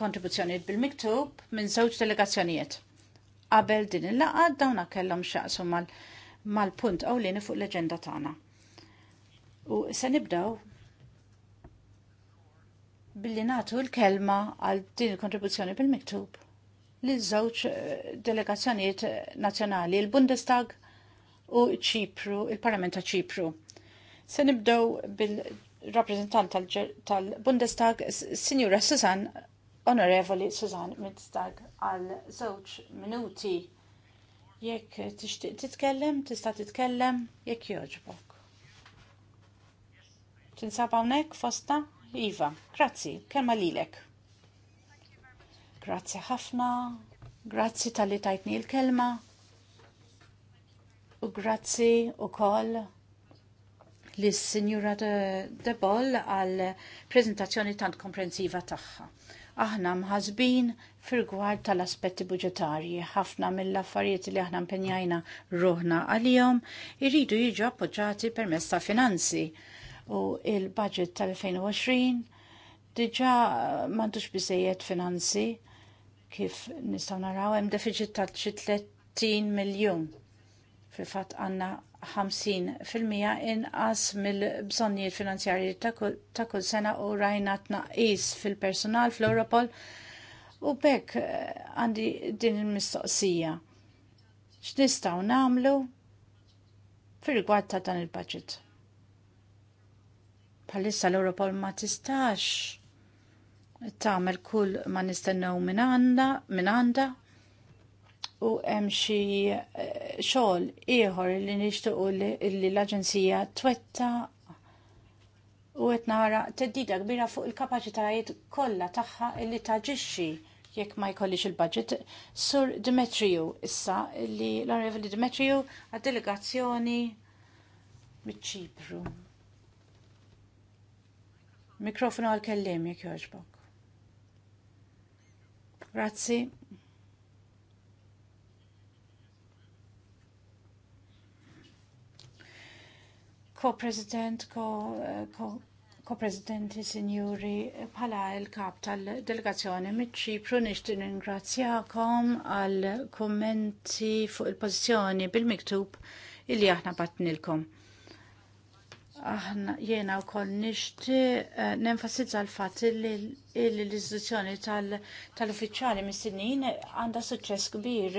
kontribuzzjoni bil-miktub minn żewġ delegazzjonijiet. Qabel din il-laqa dawna kellhom xaqsu mal-punt mal ewlieni fuq l-eġenda tagħna. U se nibdew billi nagħtu l-kelma għal din il-kontribuzzjoni bil-miktub li żewġ eh, delegazzjonijiet nazzjonali, il-Bundestag u ċipru, il-Parlament ta' ċipru. Se nibdew bil rappresentant tal-Bundestag, tal Signora Susan, Onorevoli Susan Mitzdag, għal żewġ minuti. Jekk tixtieq titkellem, tista' titkellem, jekk jogħġbok. Tinsab hawnhekk fosta? Iva, grazzi, kemm lilek. Grazzi ħafna, grazzi tal-li tajtni l-kelma, u grazzi u koll lis sinjura de, Boll għal prezentazzjoni tant komprensiva tagħha. Aħna mħazbin fil-gwar tal-aspetti budġetarji, ħafna mill-affarijiet li aħna mpenjajna ruħna għalihom irridu jiġu appoġġati per ta' finanzi u il-budget tal-2020 diġa m'għandux biżejjed finanzi kif nistgħu naraw hemm deficit ta' 30 miljun fil fatt għanna 50% inqas mill-bżonnijiet finanzjarji ta' kull sena u rajna tnaqqis fil-personal fl-Europol u bekk eh, għandi din il-mistoqsija. X'nistgħu nagħmlu fir-rigward ta' dan il-budget? Bħalissa l-Europol ma tistax tagħmel kull ma nistennew minn għandha minn għandha u hemm xi eh, xogħol ieħor li nixtiequ li l-Aġenzija twetta u qed nara teddida kbira fuq il-kapaċitajiet kollha tagħha li taġixxi jekk ma jkollix il-budget. Sur Demetriu issa li l-Onorevoli Demetriu għad-delegazzjoni miċ-Ċipru. Mikrofonu għal-kellim jekk jogħġbok. Grazzi. co president ko-presidenti -co -ko sinjuri bħala il-kap tal-delegazzjoni mit-ċipru nixtin ingrazzjakom għal kommenti fuq il-pozizjoni bil-miktub illi aħna batnilkom aħna jena u koll nishti eh, nenfasizza l-fat li l-istituzzjoni tal-uffiċjali mis-sinin għanda suċċess kbir.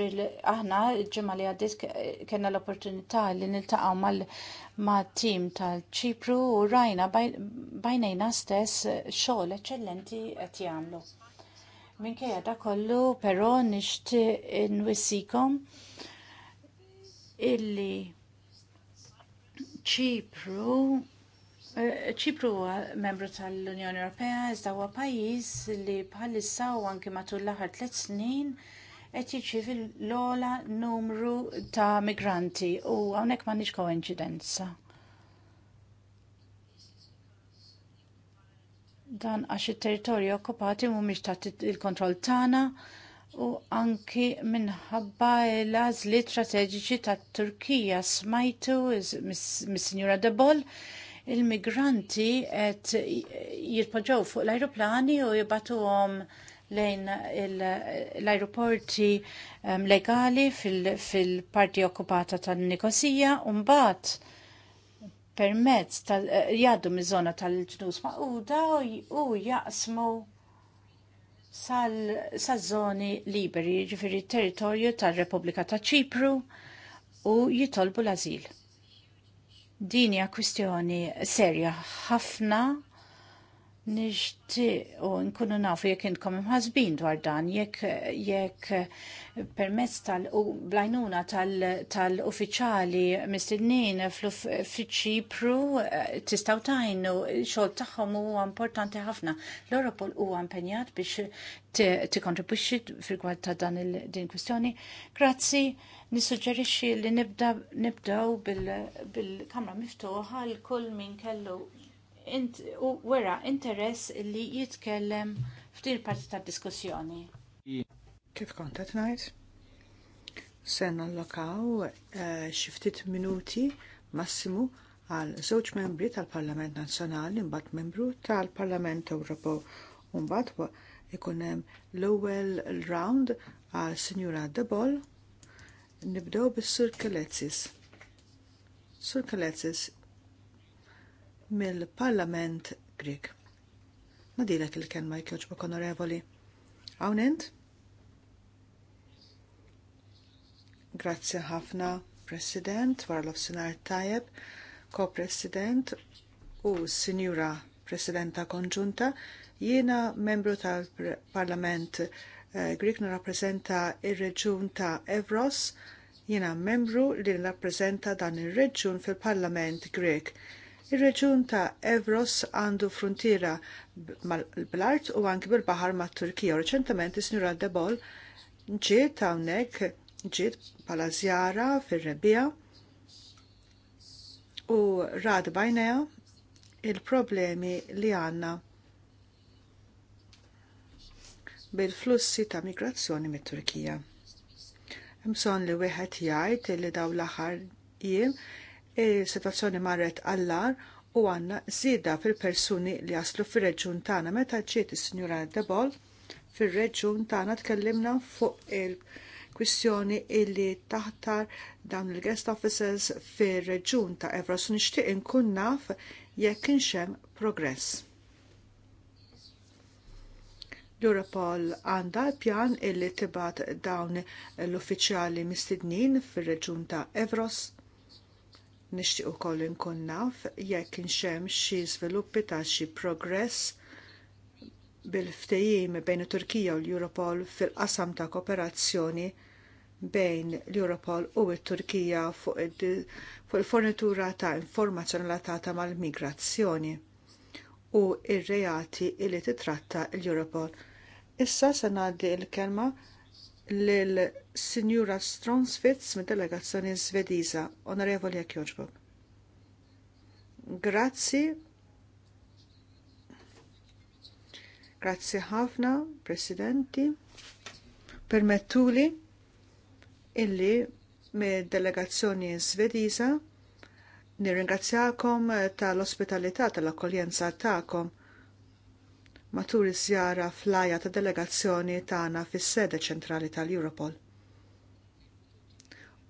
Aħna ġemma li għaddit kena l-opportunità li niltaqaw mal-tim tal-ċipru u rajna bajnejna stess xogħol eccellenti qed jagħmlu. Minkejja da kollu però nixtieq nwissikom illi ċipru eh, ċipru huwa membru tal-Unjoni Ewropea iżda huwa pajjiż li bħalissa u anke matul l-aħħar tliet snin qed jiċċievi l-ola numru ta' migranti u hawnhekk m'għandniex koinċidenza. Dan għax it-territorju okkupati mhumiex taħt il-kontroll tagħna u anki minħabba l għażliet strateġiċi tat Turkija smajtu mis-Sinjura Debol il-migranti qed jirpoġaw fuq l-ajruplani u jibatuhom lejn l-ajruporti ehm, legali fil-parti okkupata tal-Nikosija u mbagħad permezz tal jgħaddu miż tal-ġnus maquda u jaqsmu sal-żoni liberi, ġifiri territorju tal-Repubblika ta' Ċipru u jitolbu l-azil. Din hija kwistjoni serja ħafna nixtieq u nkunu nafu jekk intkom imħazbin dwar dan jekk jekk permezz tal u blajnuna tal uffiċali tal mistednin fl uffiċi pru eh, tistgħu tajnu xogħol tagħhom huwa importanti ħafna. L-Europol huwa impenjat biex tikkontribwixxi fil-gwad ta' dan din kwistjoni. Grazzi, nissuġġerixxi li nibdaw nibdew bil-kamra miftuħa l kull min kellu u wera interess li jitkellem f'din parti tad diskussjoni. Kif kont najt? ngħid? Se xiftit eh, xi ftit minuti massimu għal żewġ membri tal-Parlament Nazzjonali mbagħad membru tal-Parlament Ewropew u ikun hemm l-ewwel round għal Sinjura Debol. Nibdew bis-Sur Kelezzis. Sur Kelezzis, mill-Parlament Grek. Nadilek il jkjoċ jkjoġbok onorevoli. Awnent? Grazie ħafna, President, Warlof Sinar Tajeb, Co president u Signora Presidenta Konġunta, jiena membru tal-Parlament eh, Grik nirrappreżenta ir-reġun ta' Evros, jiena membru li nirrappreżenta dan ir-reġun fil-Parlament Grek. Ir-reġun ta' Evros għandu frontiera mal art u anki bil-bahar ma' Turkija. Reċentament is-Sinjura Debol ġiet hawnhekk ġiet bħala żjara fir-rebija u rad bajnejha il-problemi li għanna bil-flussi ta' migrazzjoni mit-Turkija. Mson li wieħed jgħid li daw l-aħħar jiem il-situazzjoni marret għallar u għanna zida fil-persuni li jaslu fil-reġun tana. Meta ġiet il-Sinjura Debol fil-reġun tana tkellimna fuq il-kwistjoni illi taħtar dawn il-guest offices fil-reġun ta' Evros nixtieq inkun naf jekk inxem progress. Europol għandha pjan illi tibat dawn l-uffiċjali mistednin fir-reġun ta' Evros Nixtieq ukoll inkun naf jekk inxemm xi żviluppi ta' xi progress bil-ftehim bejn it-Turkija u l-Europol fil-qasam ta' kooperazzjoni bejn l-Europol u t-Turkija fuq il-fornitura ta' informazzjoni relatata mal-migrazzjoni u r reati li titratta l-Europol. Issa se ngħaddi l-kelma l-Sinjura Stronsfitz mid delegazzjoni Svediża, Onorevoli Akjoġbog. Grazzi. Grazzi ħafna, Presidenti. Permettuli illi mid delegazzjoni Svediża nirringrazzjakom tal-ospitalità tal-akkoljenza tagħkom matul iż-żjara fl-ajja ta' delegazzjoni tagħna fis-sede ċentrali tal-Europol.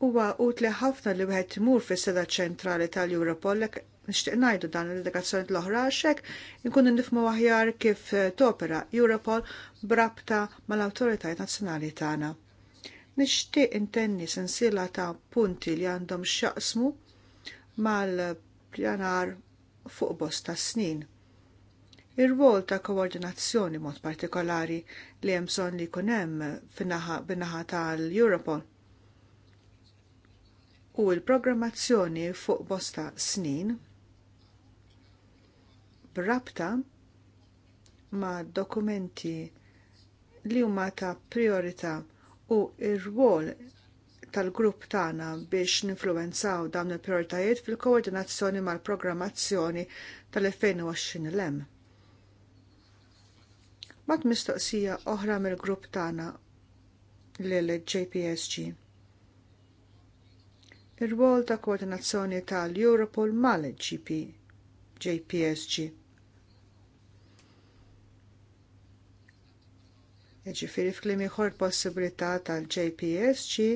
Huwa utli ħafna li wieħed imur fis-seda ċentrali tal-Europol nixtieq ngħidu dan il-delegazzjoni l-oħra għaxek inkunu nifmu aħjar kif topera Europol brabta mal-awtoritajiet nazzjonali tagħna. Nixtieq intenni sensiela ta' punti li għandhom x'jaqsmu mal-pjanar fuq bosta snin ir-rwol ta' koordinazzjoni mod partikolari li hemm bżonn li jkun hemm bin-naħa tal-Europol u l-programmazzjoni fuq bosta snin b'rabta ma' dokumenti li huma ta' priorità u r-rwol tal-grupp tagħna biex ninfluwenzaw dawn il-prioritajiet fil-koordinazzjoni mal-programmazzjoni tal-2020 l-hemm. Mat mistoqsija oħra mill-grupp tagħna lill-JPSG. Ir-rwol ta' koordinazzjoni tal-Europol mal-GP JPSG. Ġifiri f'klim ieħor possibilità tal-JPSG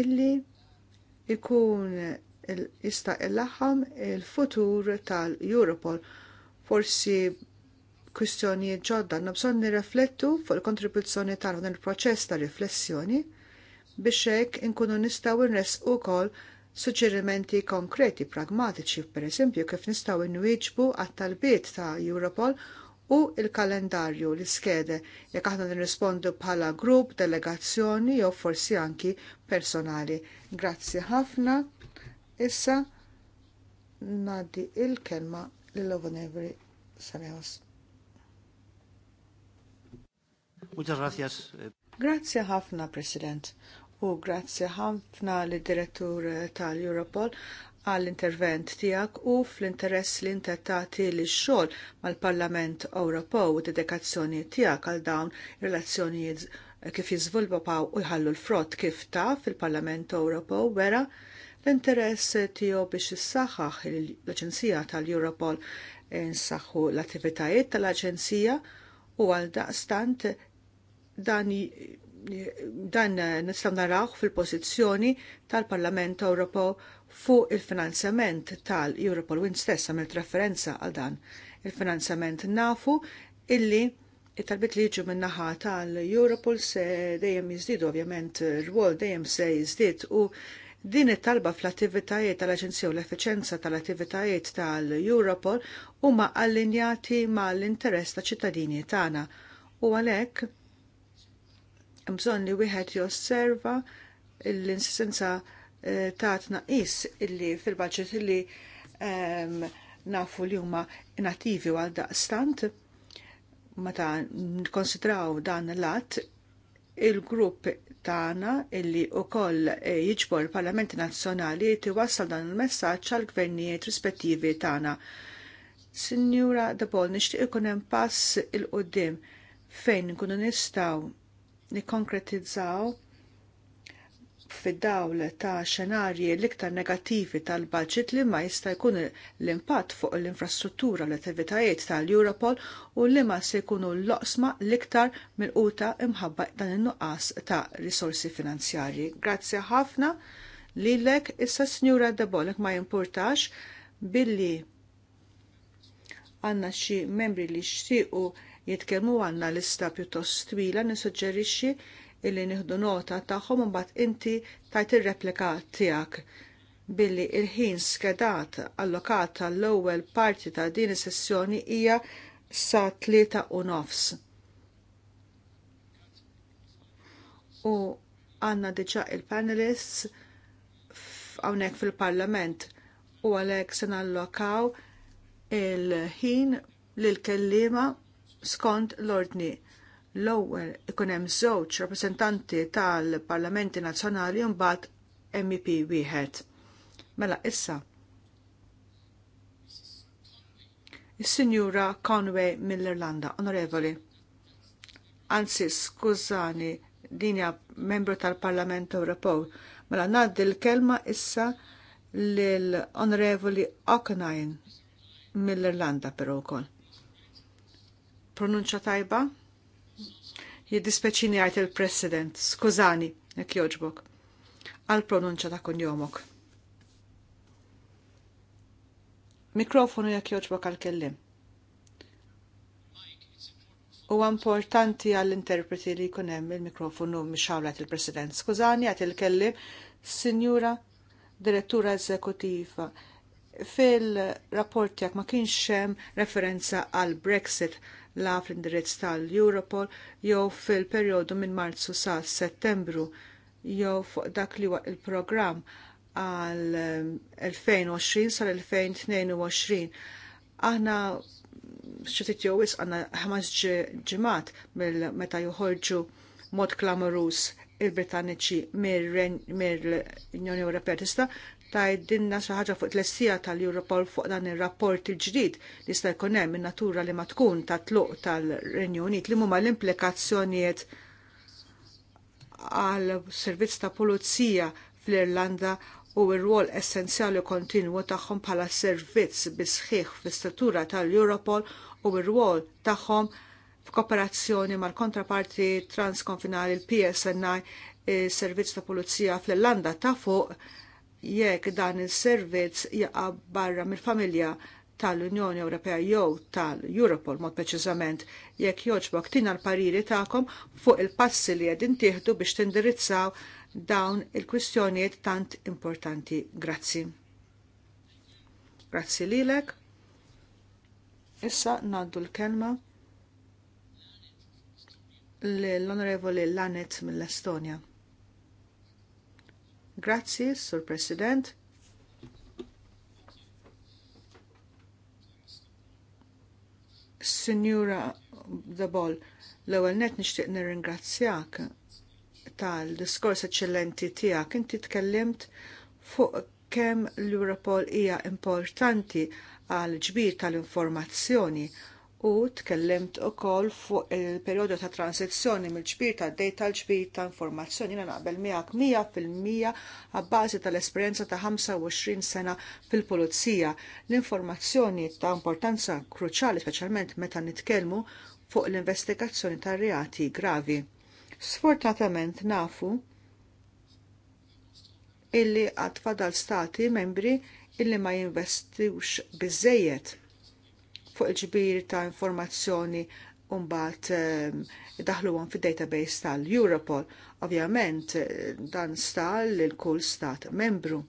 illi ikun jista' il il-laħam il-futur tal-Europol forsi kwistjonijiet ġodda nabżon bżonn nirreflettu fuq il-kontribuzzjoni tagħna dan il-proċess ta' riflessjoni biex hekk inkunu nistgħu nresqu wkoll suġġerimenti konkreti pragmatiċi, pereżempju kif nistgħu nwieġbu għat-talbiet ta' Europol u il-kalendarju l iskede jekk aħna nirrispondu bħala grupp, delegazzjoni jew forsi anki personali. Grazzi ħafna. Issa nadi il-kelma l-Ovenevri Sanejos. Muchas gracias. Eh. Grazie ħafna, President. U grazie ħafna li direttur tal-Europol għall-intervent tijak u fl-interess li intettati li xol mal-Parlament Ewropew u dedikazzjoni tijak għal dawn relazzjonijiet kif paw u jħallu l-frott kif taf fil-Parlament Ewropew vera l-interess tiegħu biex issaħħaħ l-Aġenzija tal-Europol insaħħu l-attivitajiet tal-Aġenzija u għal daqstant dan dan nistgħu narawh fil-pożizzjoni tal-Parlament Ewropew fuq il-finanzjament tal-Europol Wind stess għamilt referenza għal dan il-finanzjament nafu illi it-talbit li jiġu minnaħa tal-Europol se dejjem jiżdiedu ovvjament r-rwol dejjem se jizdid u din it-talba fl-attivitajiet tal-Aġenzija u l-effiċenza tal-attivitajiet tal-Europol huma allinjati mal-interess ta' ċittadini tagħna u għalhekk Bżonn li wieħed josserva l-insistenza eh, ta' tnaqis illi fil-budget illi ehm, nafu li huma nativi għal daqstant meta nkonsidraw dan l-att il-grupp tagħna illi wkoll eh, jiġbor parlamenti nazzjonali tiwassal dan il-messaġġ għall gvernijiet rispettivi tagħna. Sinjura Dapol nixtieq ikun hemm pass il qudiem fejn nkunu nistgħu nikkonkretizzaw fid-dawl ta' xenarji l-iktar negattivi tal-budget li ma jista' jkun l-impatt fuq l-infrastruttura l attivitajiet tal-Europol u li ma se jkunu l-loqsma l-iktar mil quta imħabba dan in-nuqqas ta' risorsi finanzjarji. Grazzi ħafna lilek issa Sinjura Debolek ma jimpurtax billi għanna xi membri li xtiequ jitkellmu għandna lista pjuttost twila nissuġġerixxi illi nieħdu nota tagħhom imbagħad inti tajt ir-replika tiegħek billi il-ħin skedat allokat tal-ewwel parti ta' din is-sessjoni hija sa tlieta u nofs. U għanna diġa il-panelists hawnhekk fil-Parlament u għalhekk se nallokaw il-ħin lil kelliema skont l-ordni. L-ewwel ikun hemm żewġ rappreżentanti tal-Parlamenti Nazzjonali mbagħad MEP wieħed. Mela issa. Is-Sinjura Conway mill-Irlanda, onorevoli. Anzi, skużani, dinja membru tal-Parlament Ewropew. Mela ngħaddi l-kelma issa lill onorevoli Okanajn mill-Irlanda però wkoll pronunċa tajba? Jiddispeċini għajt il-president, skużani, jek joġbok, għal pronunċa ta' kunjomok. Mikrofonu jek joġbok għal kellim. U importanti għall-interpreti li kunem il-mikrofonu mxawlat il-president. Skużani għat il-kellim, Signora Direttura Eżekutiva, fil-rapport jak ma kienx hemm referenza għal Brexit la fl-indirizz tal-Europol jew fil-perjodu minn Marzu sa Settembru jew fuq dak li huwa il-programm għal 2020 ehm, sal-2022. Aħna xċetit jowis għanna ħamaġ ġimat mill-meta joħorġu mod klamorus il-Britanniċi mir-Unjoni Ewropea tista' id xi ħaġa fuq t-lessija tal-Europol fuq dan ir-rapport il-ġdid li jista' jkun hemm natura li ma tkun ta' tluq tal-Renju Unit li huma l-implikazzjonijiet għal servizz ta' pulizija fl-Irlanda u r-rwol essenzjali kontinwu tagħhom bħala servizz bisħiħ fl-istruttura tal-Europol u r-rwol tagħhom f'kooperazzjoni mal-kontraparti transkonfinali l-PSNI, servizz ta' pulizija fl-Irlanda ta' fuq jekk dan il-servizz jaqa' barra mill-familja tal-Unjoni Ewropea jew tal-Europol mod preċiżament jekk joġbok tina l-pariri tagħkom fuq il-passi li qegħdin tieħdu biex tindirizzaw dawn il-kwistjonijiet tant importanti. Grazzi. Grazzi lilek. Issa naddu l-kelma l-Onorevoli Lanet mill-Estonja. Grazzi, Sur President. Signora Dabol, l-ewwel net nixtieq nirringrazzjak tal-diskors eċċellenti tiegħek. Inti tkellimt fuq kemm l-Europol hija importanti għal ġbir tal-informazzjoni u tkellimt ukoll fuq il-perjodu ta' transizzjoni mill-ġbir ta' dejt tal ġbir ta' informazzjoni jina naqbel miegħek mija fil-mija għabbażi tal-esperjenza ta' 25 sena fil-pulizija. L-informazzjoni ta' importanza kruċjali speċjalment meta nitkellmu fuq l-investigazzjoni ta' reati gravi. Sfortunatament nafu illi għad fadal stati membri illi ma jinvestux biżejjed fuq il-ġbir ta' informazzjoni Umbat daħlu eh, daħluhom fid-database tal-Europol. Ovvjament eh, dan stal il kull stat membru.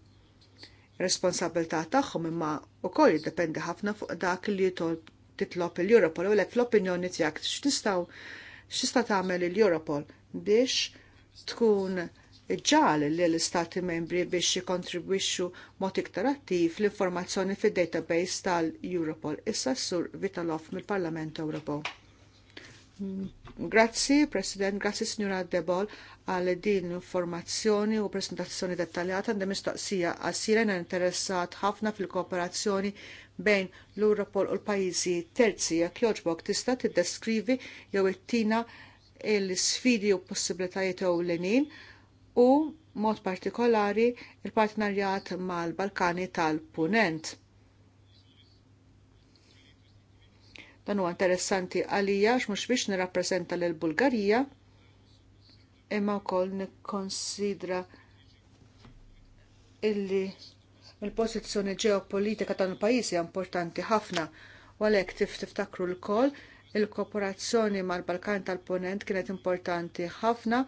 Responsabilità tagħhom imma wkoll jiddependi ħafna fuq dak li titlob il-Europol u lek fl-opinjoni tiegħek x'tistgħu x'tista' tagħmel il-Europol biex tkun ġal li l-Istati membri biex jikontribwixxu mod iktar attiv l-informazzjoni fid-database tal-Europol issa sur Vitalov mill-Parlament Ewropew. Mm, grazzi, President, grazzi Signora Debol għal din informazzjoni u presentazzjoni dettaljata għandem mistoqsija għasira interessat ħafna fil-kooperazzjoni bejn l-Europol u l-pajjiżi terzi jekk jogħġbok tista' tiddeskrivi jew ittina l isfidi u possibilitajiet ewlenin u mod partikolari il-partnerjat mal-Balkani tal-Punent. Dan huwa interessanti għalija x'mhux biex nirrappreżenta lill Bulgarija imma wkoll nikkonsidra illi il-pożizzjoni ġeopolitika tal-pajjiż hija importanti ħafna u għalhekk tif tiftakru l il-kooperazzjoni mal-Balkan tal-Ponent kienet importanti ħafna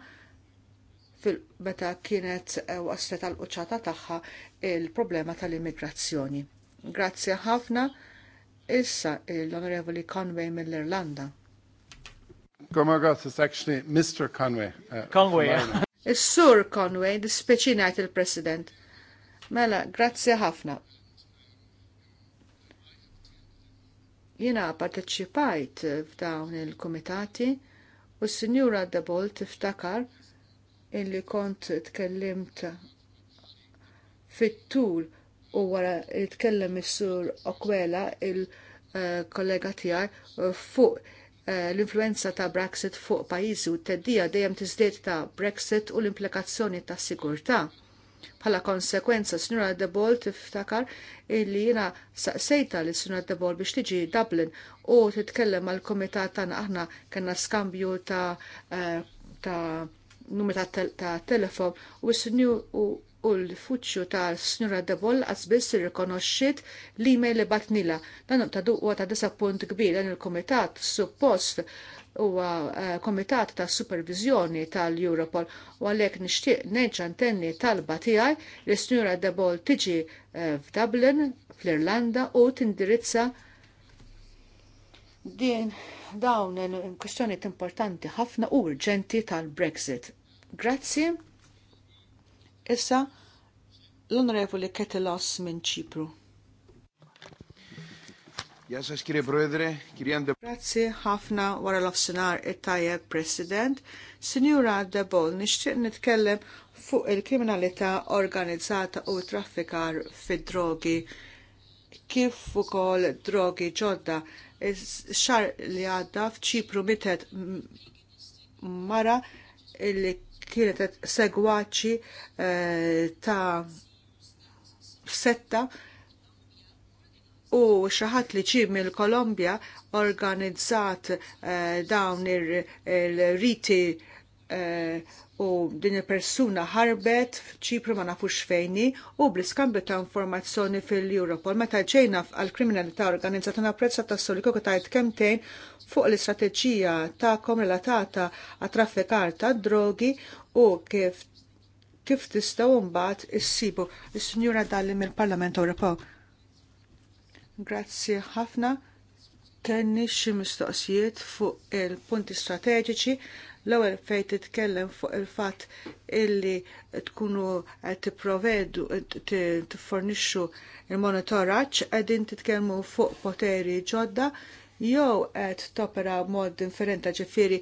meta kienet eh, waslet għal uċċata tagħha il-problema tal-immigrazzjoni. Grazzi ħafna issa l-Onorevoli Conway mill-Irlanda. Gomagos is actually Mr. Conway. Uh, Conway. *laughs* Is-Sur Conway, dispeċinajt il-President. Mela, grazzi ħafna. Jina parteċipajt f'dawn il-komitati u s-Sinjura Debol tiftakar illi kont tkellimt fit-tul u wara li tkellem is-sur Okwela il-kollega tiegħi fuq eh, l-influenza ta' Brexit fuq pajjiżi u t-teddija dejjem tiżdied ta' Brexit u l-implikazzjoni ta' sigurtà. Bħala konsekwenza, Sinura Debol tiftakar illi jiena saqsejta li Sinura Debol biex tiġi Dublin u titkellem għal komitat tagħna aħna kellna skambju ta' eh, ta' numru ta' telefon u s-sinju u l-fuċċju ta' s-sinjura Debol għazbis rikonoxxiet l-email li batnila. Dan ta' duqwa ta' disa punt kbir dan il-komitat suppost u eh, komitat ta' supervizjoni tal-Europol u għalek nishtiq neġan tenni talba tijaj li s-sinjura Debol tiġi eh, f'Dublin, fl-Irlanda u tindirizza din dawn il-kwestjoni importanti ħafna u urġenti tal-Brexit. Grazzi. Issa l-Onorevoli Ketelos minn Ċipru. Jasas kire Proedre, kirjande. Grazzi ħafna wara l-offsinar it tajja President. Sinjura Bol, nixtieq nitkellem fuq il-kriminalità organizzata u traffikar fid-drogi kif ukoll drogi ġodda xar li għadda f'ċipru mitet mara illi kienet segwaċi eh, ta' setta u xaħat li ċim mill kolombja organizzat eh, dawn ir-riti eh, u din il-persuna ħarbet f'ċipru ma nafux fejni u bl-iskambju ta' informazzjoni fil-Europol meta ġejna għal-kriminalità organizzata napprezza ta' soli kieku tajt kemtejn fuq l-istrateġija ta'kom relatata għat traffikar ta' drogi u kif kif tistgħu mbagħad issibu is-Sinjura Dalli mill-Parlament Ewropew. Grazzi ħafna Kenni xi mistoqsijiet fuq il-punti strateġiċi L-ewwel fejn titkellem fuq il-fatt illi tkunu tipprovedu tiffornixxu il-monitoraġġ qegħdin titkellmu fuq poteri ġodda jew qed topera mod differenti ġifieri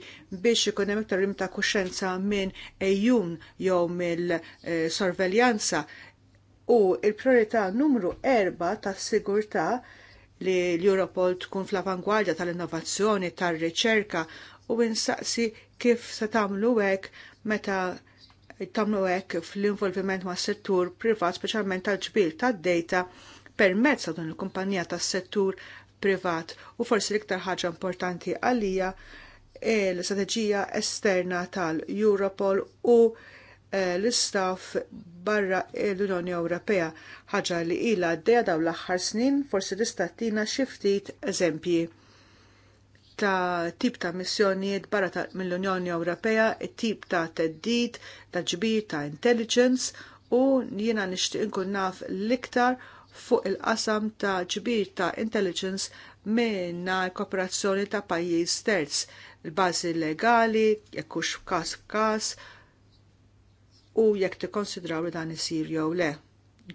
biex ikun hemm iktar rim ta' kuxenza minn ejjun jew mill-sorveljanza. U il-priorità numru erba tas sigurtà li l-Europol tkun fl-avangwardja tal-innovazzjoni, tar-riċerka u insaqsi kif se tagħmlu hekk meta tagħmlu hekk fl-involviment ma' settur privat speċjalment tal-ġbir tad-data permezz ta' din il-kumpanija tas-settur privat u forsi l-iktar ħaġa importanti għalija l-istrateġija esterna tal-Europol u eh, l-istaff barra l-Unjoni Ewropea, ħaġa li ilha għaddejja dawn l-aħħar snin forsi tista' tina xi ftit eżempji ta' tip ta' missjonijiet barra mill-Unjoni Ewropea, tip ta' teddit, ta' ġbir, ta' intelligence u jiena nixtieq inkun naf l-iktar fuq il-qasam ta' ġbir ta' intelligence minna kooperazzjoni ta' pajjiż terz, il-bażi legali, jekk hux kas f'każ u jekk tikkonsidraw li dan isir jew le.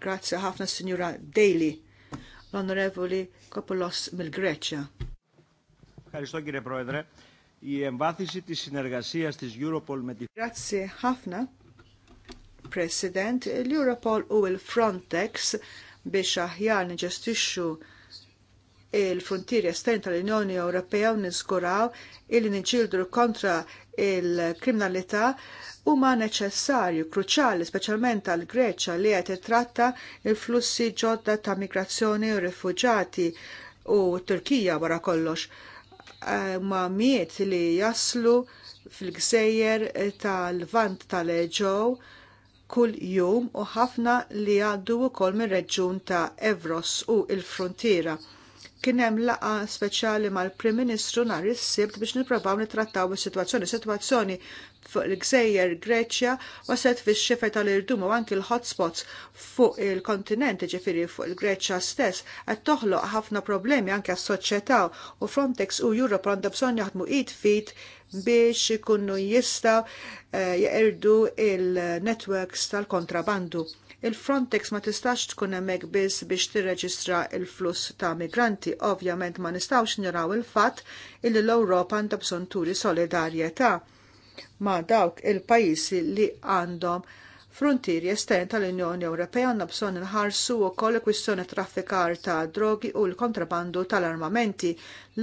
Grazzi ħafna Sinjura Daly, l-Onorevoli Kopulos mill-Greċja. Ευχαριστώ κύριε Πρόεδρε. Η εμβάθυνση της συνεργασίας της Europol με τη... Grazie, Hafna. President, l-Europol u l-Frontex biex aħjar niġestixxu il-frontieri estern tal-Unjoni Ewropea u niżguraw il niġildu kontra il-kriminalità huma neċessarju, kruċali, speċjalment għal Greċja li qed titratta il-flussi ġodda ta' migrazzjoni u rifuġati u Turkija wara kollox Eh, ma' miet li jaslu fil-gżejjer eh, tal-vant tal-Eġow kull jum u ħafna li għaddu wkoll mir reġjun ta' Evros u l-frontiera kien hemm laqa speċjali mal-Prim Ministru nhar is-Sibt biex nippruvaw nittrattaw is-sitwazzjoni. Sitwazzjoni fuq l-Gżejjer Greċja waset fix-xifer tal-irdum u anki l-hotspots fuq il-kontinent, ġifieri fuq il-Greċja stess, qed toħloq ħafna problemi anke għas-soċjetà u Frontex u Europe għandha bżonn jaħdmu id fit biex ikunu jistaw eh, jeqirdu il-networks tal-kontrabandu Il-Frontex ma tistax tkun hemmhekk biss biex tirreġistra il-fluss ta' migranti, ovvjament ma nistgħux niraw il-fatt illi l-Ewropa għandha bżonn turi solidarjetà ma' dawk il-pajjiżi li għandhom frontieri estern tal-Unjoni Ewropea għandna bżonn inħarsu wkoll il-kwistjoni traffikar ta' drogi u l-kontrabandu tal-armamenti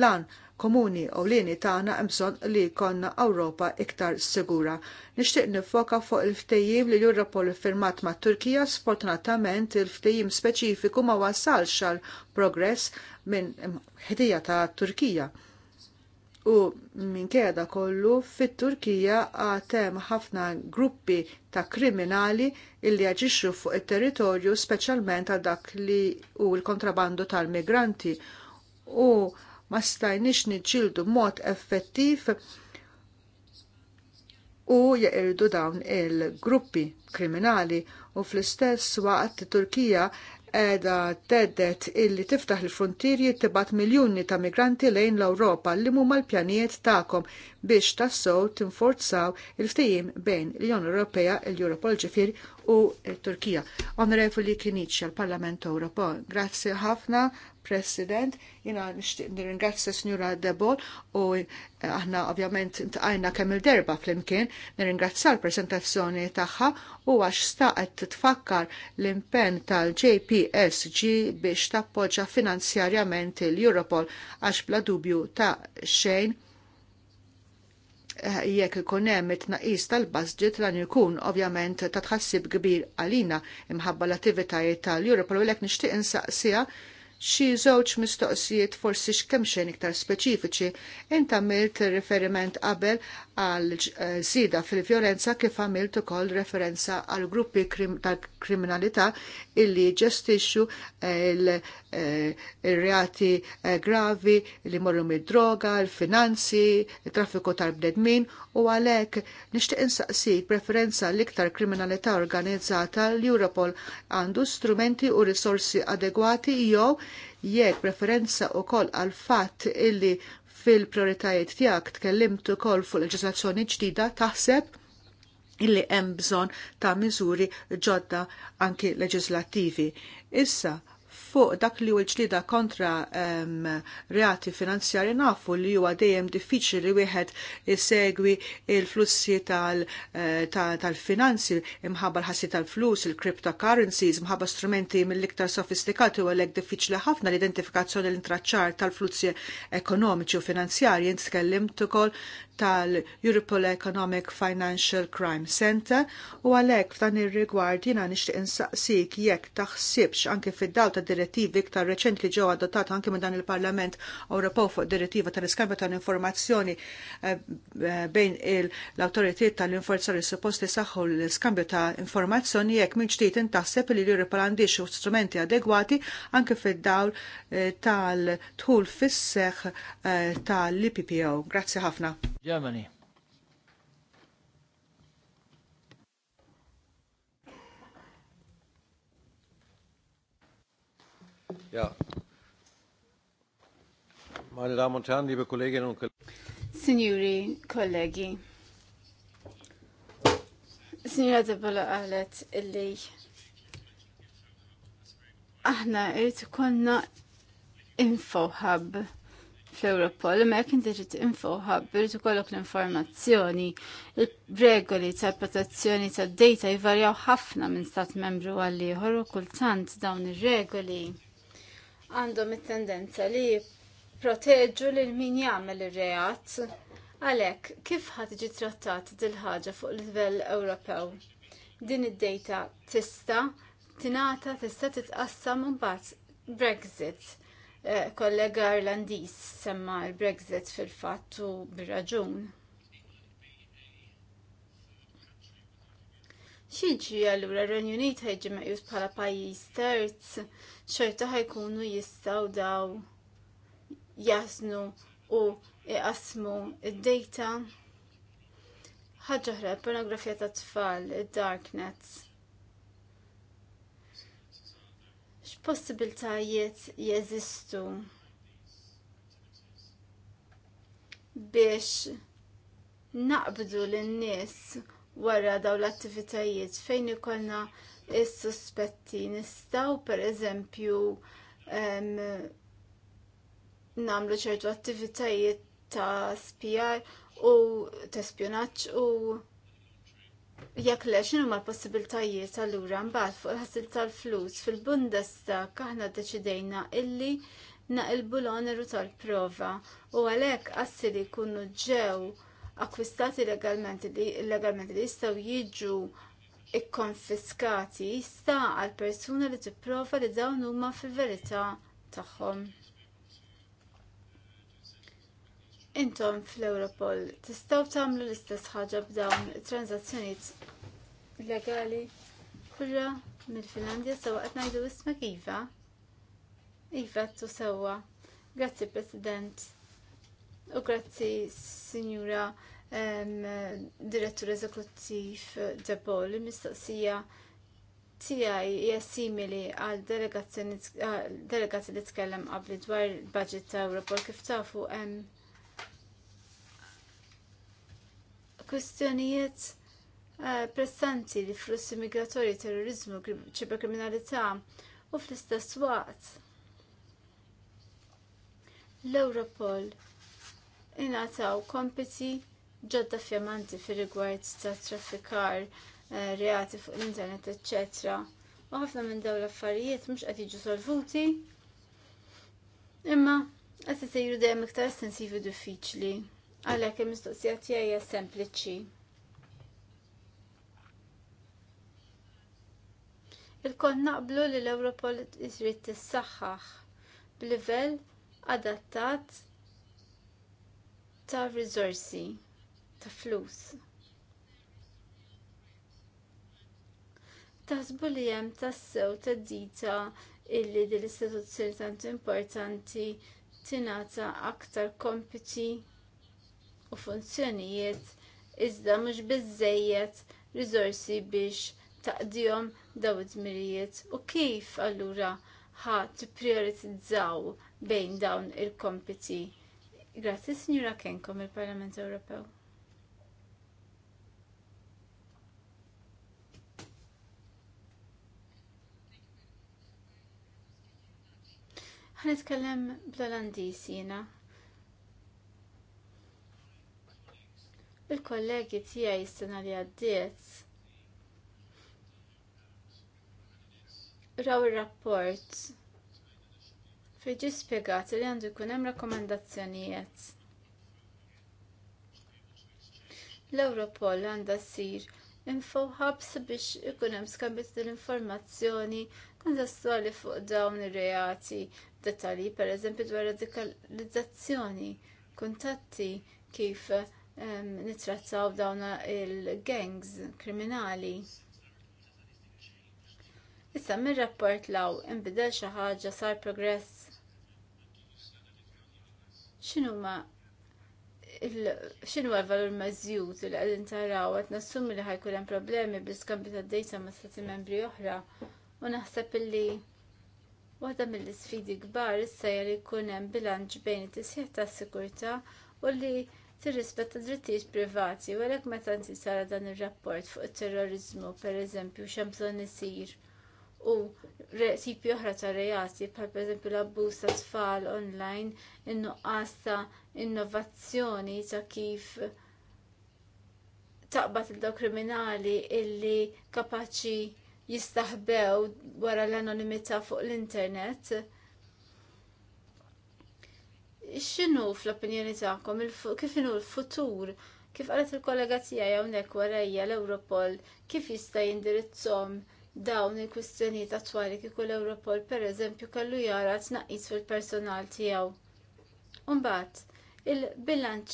lan komuni u tagħna hemm bżonn li jkollna Ewropa iktar sigura. Nixtieq nifoka fuq il ftejim li l-Europol firmat ma' Turkija sfortunatament il ftejim speċifiku ma wasalx għal progress minn ħdija ta' Turkija. U minn keda kollu fit-Turkija għatem ħafna gruppi ta' kriminali illi għagġiċu fuq it-territorju speċjalment għal dak li u l-kontrabandu tal-migranti. U ma stajniex niġġieldu mod effettiv u jeqirdu dawn il-gruppi kriminali u fl-istess waqt Turkija edha teddet illi tiftaħ il-frontirji tibat miljoni ta' migranti lejn l-Ewropa li mu l-pjanijiet tagħkom biex tassow tinforzaw il ftijim bejn l-Unjoni Europea, l-Europol ġifier u Turkija. Onorevoli Kiniċċa l-Parlament Ewropew, grazzi ħafna President, jina nishtiq nirringrazzja Signora Debol u eh, aħna ovvjament intqajna kemm il-derba flimkien, nirringrazzja l prezentazzjoni tagħha u għax staqet tfakkar l-impenn tal-JPSG biex tappoġġa finanzjarjament il-Europol għax bla dubju ta' xejn eh, jekk ikun hemm it-tnaqqis tal-budget lan ikun ovvjament ta' tħassib kbir għalina imħabba l-attivitajiet tal-Europol u lek nixtieq insaqsija xi żewġ mistoqsijiet forsi x'kemm xejn iktar speċifiċi. Int għamilt riferiment qabel għal eh, żida fil-vjolenza kif għamilt ukoll referenza għal gruppi tal-kriminalità illi ġestixxu Eh, ir-reati eh, gravi li morru mid-droga, il-finanzi, il-traffiku tal-bnedmin u għalhekk nixtieq insaqsik preferenza l-iktar kriminalità organizzata l-Europol għandu strumenti u risorsi adegwati jew jekk preferenza wkoll għal fatt illi fil-prioritajiet tiegħek tkellimt ukoll fuq leġislazzjoni ġdida taħseb illi hemm bżonn ta' miżuri ġodda anki leġislattivi. Issa fuq dak li hu l ċlida kontra um, reati finanzjari nafu li huwa dejjem diffiċli li wieħed isegwi il-flussi eh, tal-finanzi tal imħabba l-ħassi tal-flus, il-cryptocurrencies, imħabba strumenti mill-iktar sofistikati u għalhekk diffiċli ħafna l-identifikazzjoni l-intraċċar tal-flussi ekonomiċi u finanzjarji, jintskellim ukoll tal-Europol Economic Financial Crime Center u għalhekk f'dan ir-rigward jiena nixtieq insaqsik jekk taħsibx anke fid-dawl ta' direttivi iktar reċenti li ġew adottat anke minn dan il-Parlament Ewropew fuq direttiva tal-iskambju tal-informazzjoni eh, eh, bejn l-awtoritiet tal suppost li supposti saħħu l-iskambju ta' informazzjoni jekk minn ġdid intaħseb li l-Europol għandix strumenti adegwati anke fid-dawl eh, tal dħul fis-seħħ tal-IPPO. Grazzi ħafna. Germany. Ja. Meine Damen und Herren, liebe Kolleginnen und Kollegen. Signori, kollegi. Signora De Bolo għalet illi aħna irrit konna info hub F'Ewropol, imma jekk inti trid infoħab irid ikollok l-informazzjoni. Il-regoli ta' protezzjoni ta' data jvarjaw ħafna minn stat membru għal ieħor u kultant dawn ir-regoli għandhom it-tendenza li proteġu lil min jagħmel ir-reat. Għalhekk kif ħadd tiġi trattat dil-ħaġa fuq livell Ewropew? Din id-data tista' tingħata tista' titqassam mbagħad Brexit Eh, kollega Irlandiż semma l-Brexit fil-fatt u bir-raġun. Xieġi għallura r-Renju Unit ħeġi meqjus bħala pajjiż terz, xorta ħajkunu jistaw daw jasnu u iqasmu id-data ħagġaħra pornografija ta' tfal, id-darknets. possibiltajiet jeżistu biex naqbdu l-nies wara daw l-attivitajiet fejn ikollna s suspetti per pereżempju nagħmlu ċertu attivitajiet ta' spijar u ta' spjonaġġ u Jekk le xinu ma l-possibiltajiet allura mbagħad fuq il-ħasil tal-flus fil bundesta aħna deċidejna illi naqilbu l-oneru tal-prova u għalhekk għassi li jkunu ġew akkwistati legalment li jistaw jistgħu jiġu ikkonfiskati sta għal persuna li tipprova li dawn huma fil-verità tagħhom. intom fl-Europol tistaw tagħmlu l-istess ħaġa b'dawn transazzjonijiet legali kurra mill-Finlandja sewwa qed ngħidu ismek Iva. Iva tu sewwa. Grazzi President u grazzi Sinjura Direttur Eżekuttiv Debol li mistoqsija tiegħi hija simili għal delegati li tkellem qabli dwar il-budget ta' Europol kif tafu hemm kwistjonijiet eh, pressanti li flussi migratorji, terrorizmu, ċiberkriminalità u fl-istess waqt. L-Europol ingħataw kompiti ġodda fjamanti fir rigward ta' traffikar, eh, reati fuq l-internet, etc. U ħafna minn dawn l-affarijiet mhux qed jiġu solvuti, imma qed isiru dejjem iktar estensivi diffiċli. Għalhekk il-mistoqsija tiegħi sempliċi. Il-kon naqblu li l-Europol t-saxħax b'livell adattat ta' riżorsi ta' flus. Taħsbu li hemm tassew dita illi din l-istituzzjoni tant importanti tingħata aktar kompiti u funzjonijiet iżda mhux biżżejjed riżorsi biex taqdihom daw id-dmirijiet u kif allura ħa tipprioritizzaw bejn dawn il-kompiti. Grazzi Sinjura Kenkom il-Parlament Ewropew. Ħanitkellem bl-Olandis jiena. il-kollegi tiegħi jistana sena li għaddiet raw ir-rapport fiġi ġie li għandu jkun hemm rakkomandazzjonijiet. L-Europol għandha ssir info hubs biex ikun hemm skambit l-informazzjoni kontestuali fuq dawn ir-reati dettalji pereżempju dwar radikalizzazzjoni, kuntatti kif nitrazzaw dawna il-gangs kriminali. Issa min rapport law inbidel xi ħaġa sar progress. X'inhuma x'inhu l-valur mażjut li qegħdin taraw qed nassum li ħajkun hemm problemi bl-iskambju tad-dejta ma' stati membri oħra u naħseb illi waħda mill-isfidi kbar issa jgħal jkun hemm bilanċ bejn it-tisjeħ tas sikurta u li tirrispetta drittijiet privati u għalhekk meta inti sara dan ir-rapport fuq it-terrorizmu pereżempju x'hemm isir u tipi oħra ta' reati bħal pereżempju l-abbuż ta' tfal online, in-nuqqas ta' innovazzjoni ta' kif taqbad il-daw kriminali illi kapaċi jistaħbew wara l-anonimità fuq l-internet x'inhu fl-opinjoni tagħkom kif inhu l-futur kif qalet il-kollega tiegħi hawnhekk warajja l-Europol kif jista' jindirizzhom dawn il-kwistjonijiet attwali kieku l-Europol pereżempju kellu jara tnaqqis fil-personal tiegħu. Imbagħad, il-bilanċ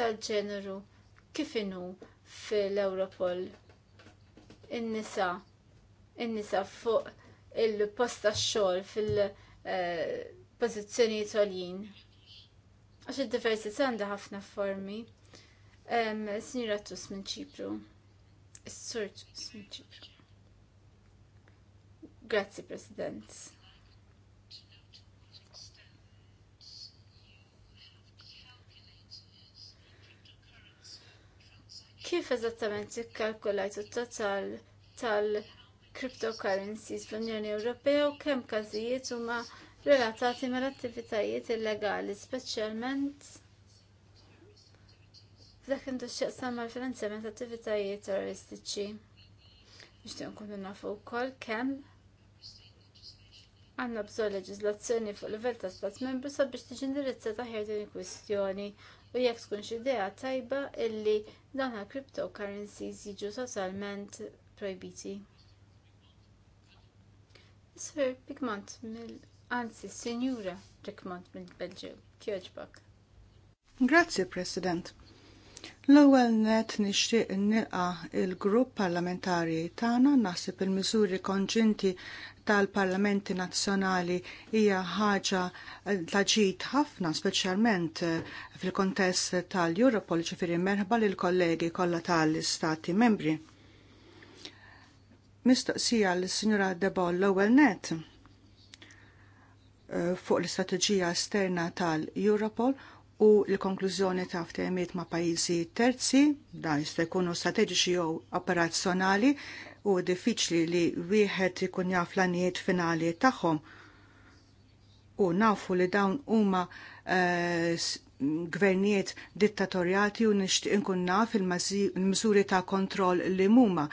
tal-ġeneru kif inhu fil-Europol in-nisa in-nisa fuq il-posta xogħol fil-pożizzjonijiet eh, għoljin. Għax id-diversità għandha ħafna formi. Sinjura Tus minn Ċipru. Is-Sur Tus minn Ċipru. Grazzi, President. Kif eżattament ikkalkulajt it-total tal-cryptocurrencies fl-Unjoni Ewropea u kemm każijiet huma ma relatati mal-attivitajiet illegali, speċjalment dak intu x'jaqsam mal-finanzjament attivitajiet terroristiċi. Nixtieq nkunu nafu wkoll kemm għanna bżonn leġiżlazzjoni fuq livell ta' stat membru sabiex tiġi indirizzata ħer din il-kwistjoni u jekk tkunx idea tajba illi dawn il cryptocurrencies jiġu totalment projbiti. Sir Pigmant mill Anzi, Sinjura Rikmont minn Belġu, kjoġbak. Grazzi, President. L-ewwel net nixtieq nilqa il-grupp parlamentari tagħna naħseb il-miżuri konġinti tal-parlamenti nazzjonali hija ħaġa eh, taġid ħafna speċjalment eh, fil-kontest tal-Europol ġifieri merħba lil kollegi kollha tal-istati membri. Mistoqsija l-Sinjura Debol l-ewwel net Eh, fuq l-istrateġija esterna tal-Europol u l-konklużjoni ta' ftehimiet ma' pajjiżi terzi, dan jista' jkunu strateġiċi jew operazzjonali u diffiċli li wieħed ikun jaf l-anijiet finali tagħhom. U nafu li dawn huma uh, gvernijiet dittatorjati u nixtieq inkun naf il-miżuri ta' kontroll li huma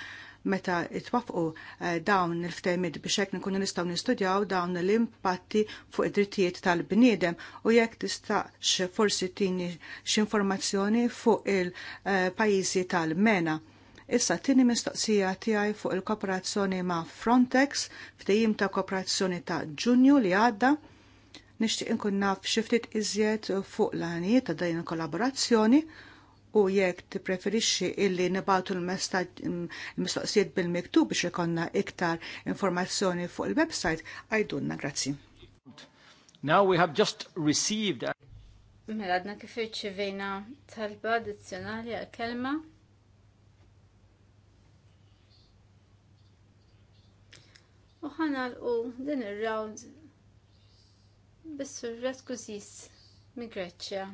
meta itwafqu eh, dawn il-ftehmiet biex hekk nkunu nistgħu nistudjaw dawn l-impatti fuq id-drittijiet tal-bniedem u jekk tistax forsi tini x'informazzjoni fuq il-pajjiżi eh, tal-mena. Issa tini mistoqsija tiegħi fuq il-kooperazzjoni ma' Frontex ftehim ta' kooperazzjoni ta' Ġunju li għadda nixtieq inkun naf xi ftit iżjed fuq l-għanijiet ta' din il-kollaborazzjoni u jekk tippreferixxi illi nibatu l-mistoqsijiet bil-miktub biex ikonna iktar informazzjoni fuq il-website, għajdunna grazzi. Now we have just received Mela għadna kif irċivejna talba addizzjonali għal kelma. U u din ir-round bis-surret kużis mi Greċja.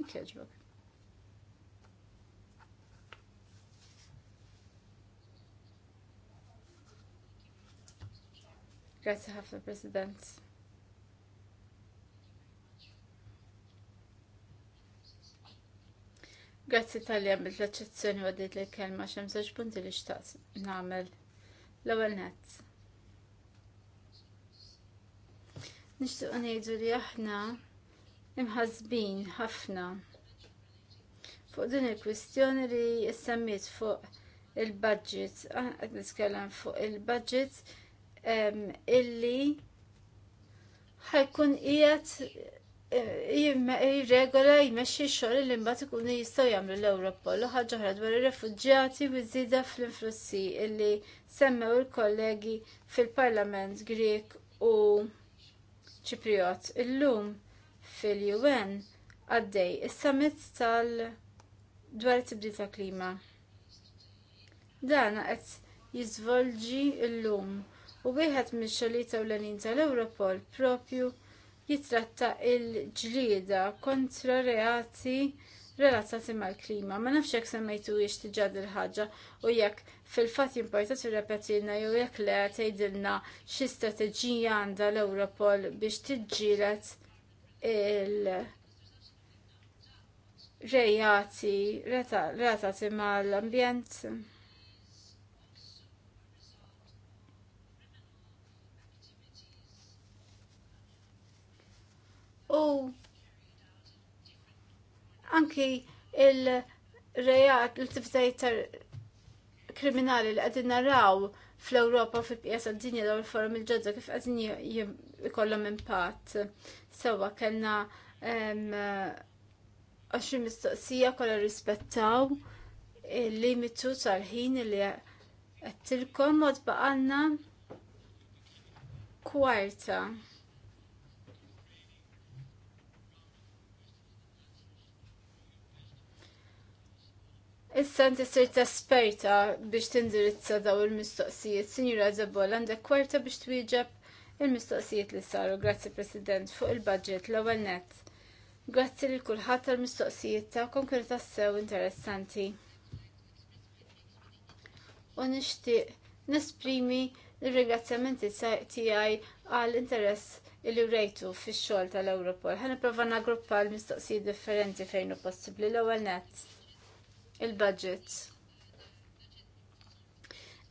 Ikkeġbok. Grazie ħafna, President. Grazzi tal-li għamil l għaddit li kelma xem zaġ punti li xtaqt namel l-ewel net. Nishtuq nejdu li aħna imħazbin ħafna fuq din il-kwistjoni li jissammiet fuq il-budget, għed nitkellem fuq il-budget illi ħajkun qiegħed eh, jirregola jmexxi xogħol li mbagħad ikunu jistgħu jagħmlu l-Ewropol u ħaġa oħra dwar ir-refuġġjati u żieda fl-influssi illi semmew il-kollegi fil-Parlament Grek u Ċipriot. Illum fil-UN għaddej is-summit tal- dwar it-tibdil ta' klima. Dan qed jiżvolġi llum u wieħed mix-xogħlijiet ewlenin tal-Europol propju jitratta il-ġlieda kontra reati relatati mal-klima. Ma nafx jekk semmejtu jiex tiġad il ħaġa u jekk fil-fatt importat repetilna jew jekk le tgħidilna xi strateġija għandha l ewropol biex tiġġieled il-rejati relatati mal-ambjent. U anki il-rejat l tar kriminali li għedin naraw fl-Europa fi pjesa d-dinja daw l forum il-ġodda kif għedin jikollom impatt. Sewa kellna għaxri mistoqsija kollha rispettaw il-limitu tal-ħin li għattilkom mod baqanna kwarta. Issa nti sirt esperta biex tindirizza daw il-mistoqsijiet. Sinjura Zabol, għandek kwarta biex twieġeb il-mistoqsijiet li saru. Grazzi President fuq il-budget l-ewwel net. Grazzi li kulħadd tal-mistoqsijiet tagħkom kienu tassew interessanti. U nixtieq nesprimi l-ringrazzjamenti tiegħi għall interess illi rejtu fix-xogħol tal-Europol. Ħa nipprova nagruppa l-mistoqsijiet differenti fejn hu possibbli l-ewwel nett. Il-budget.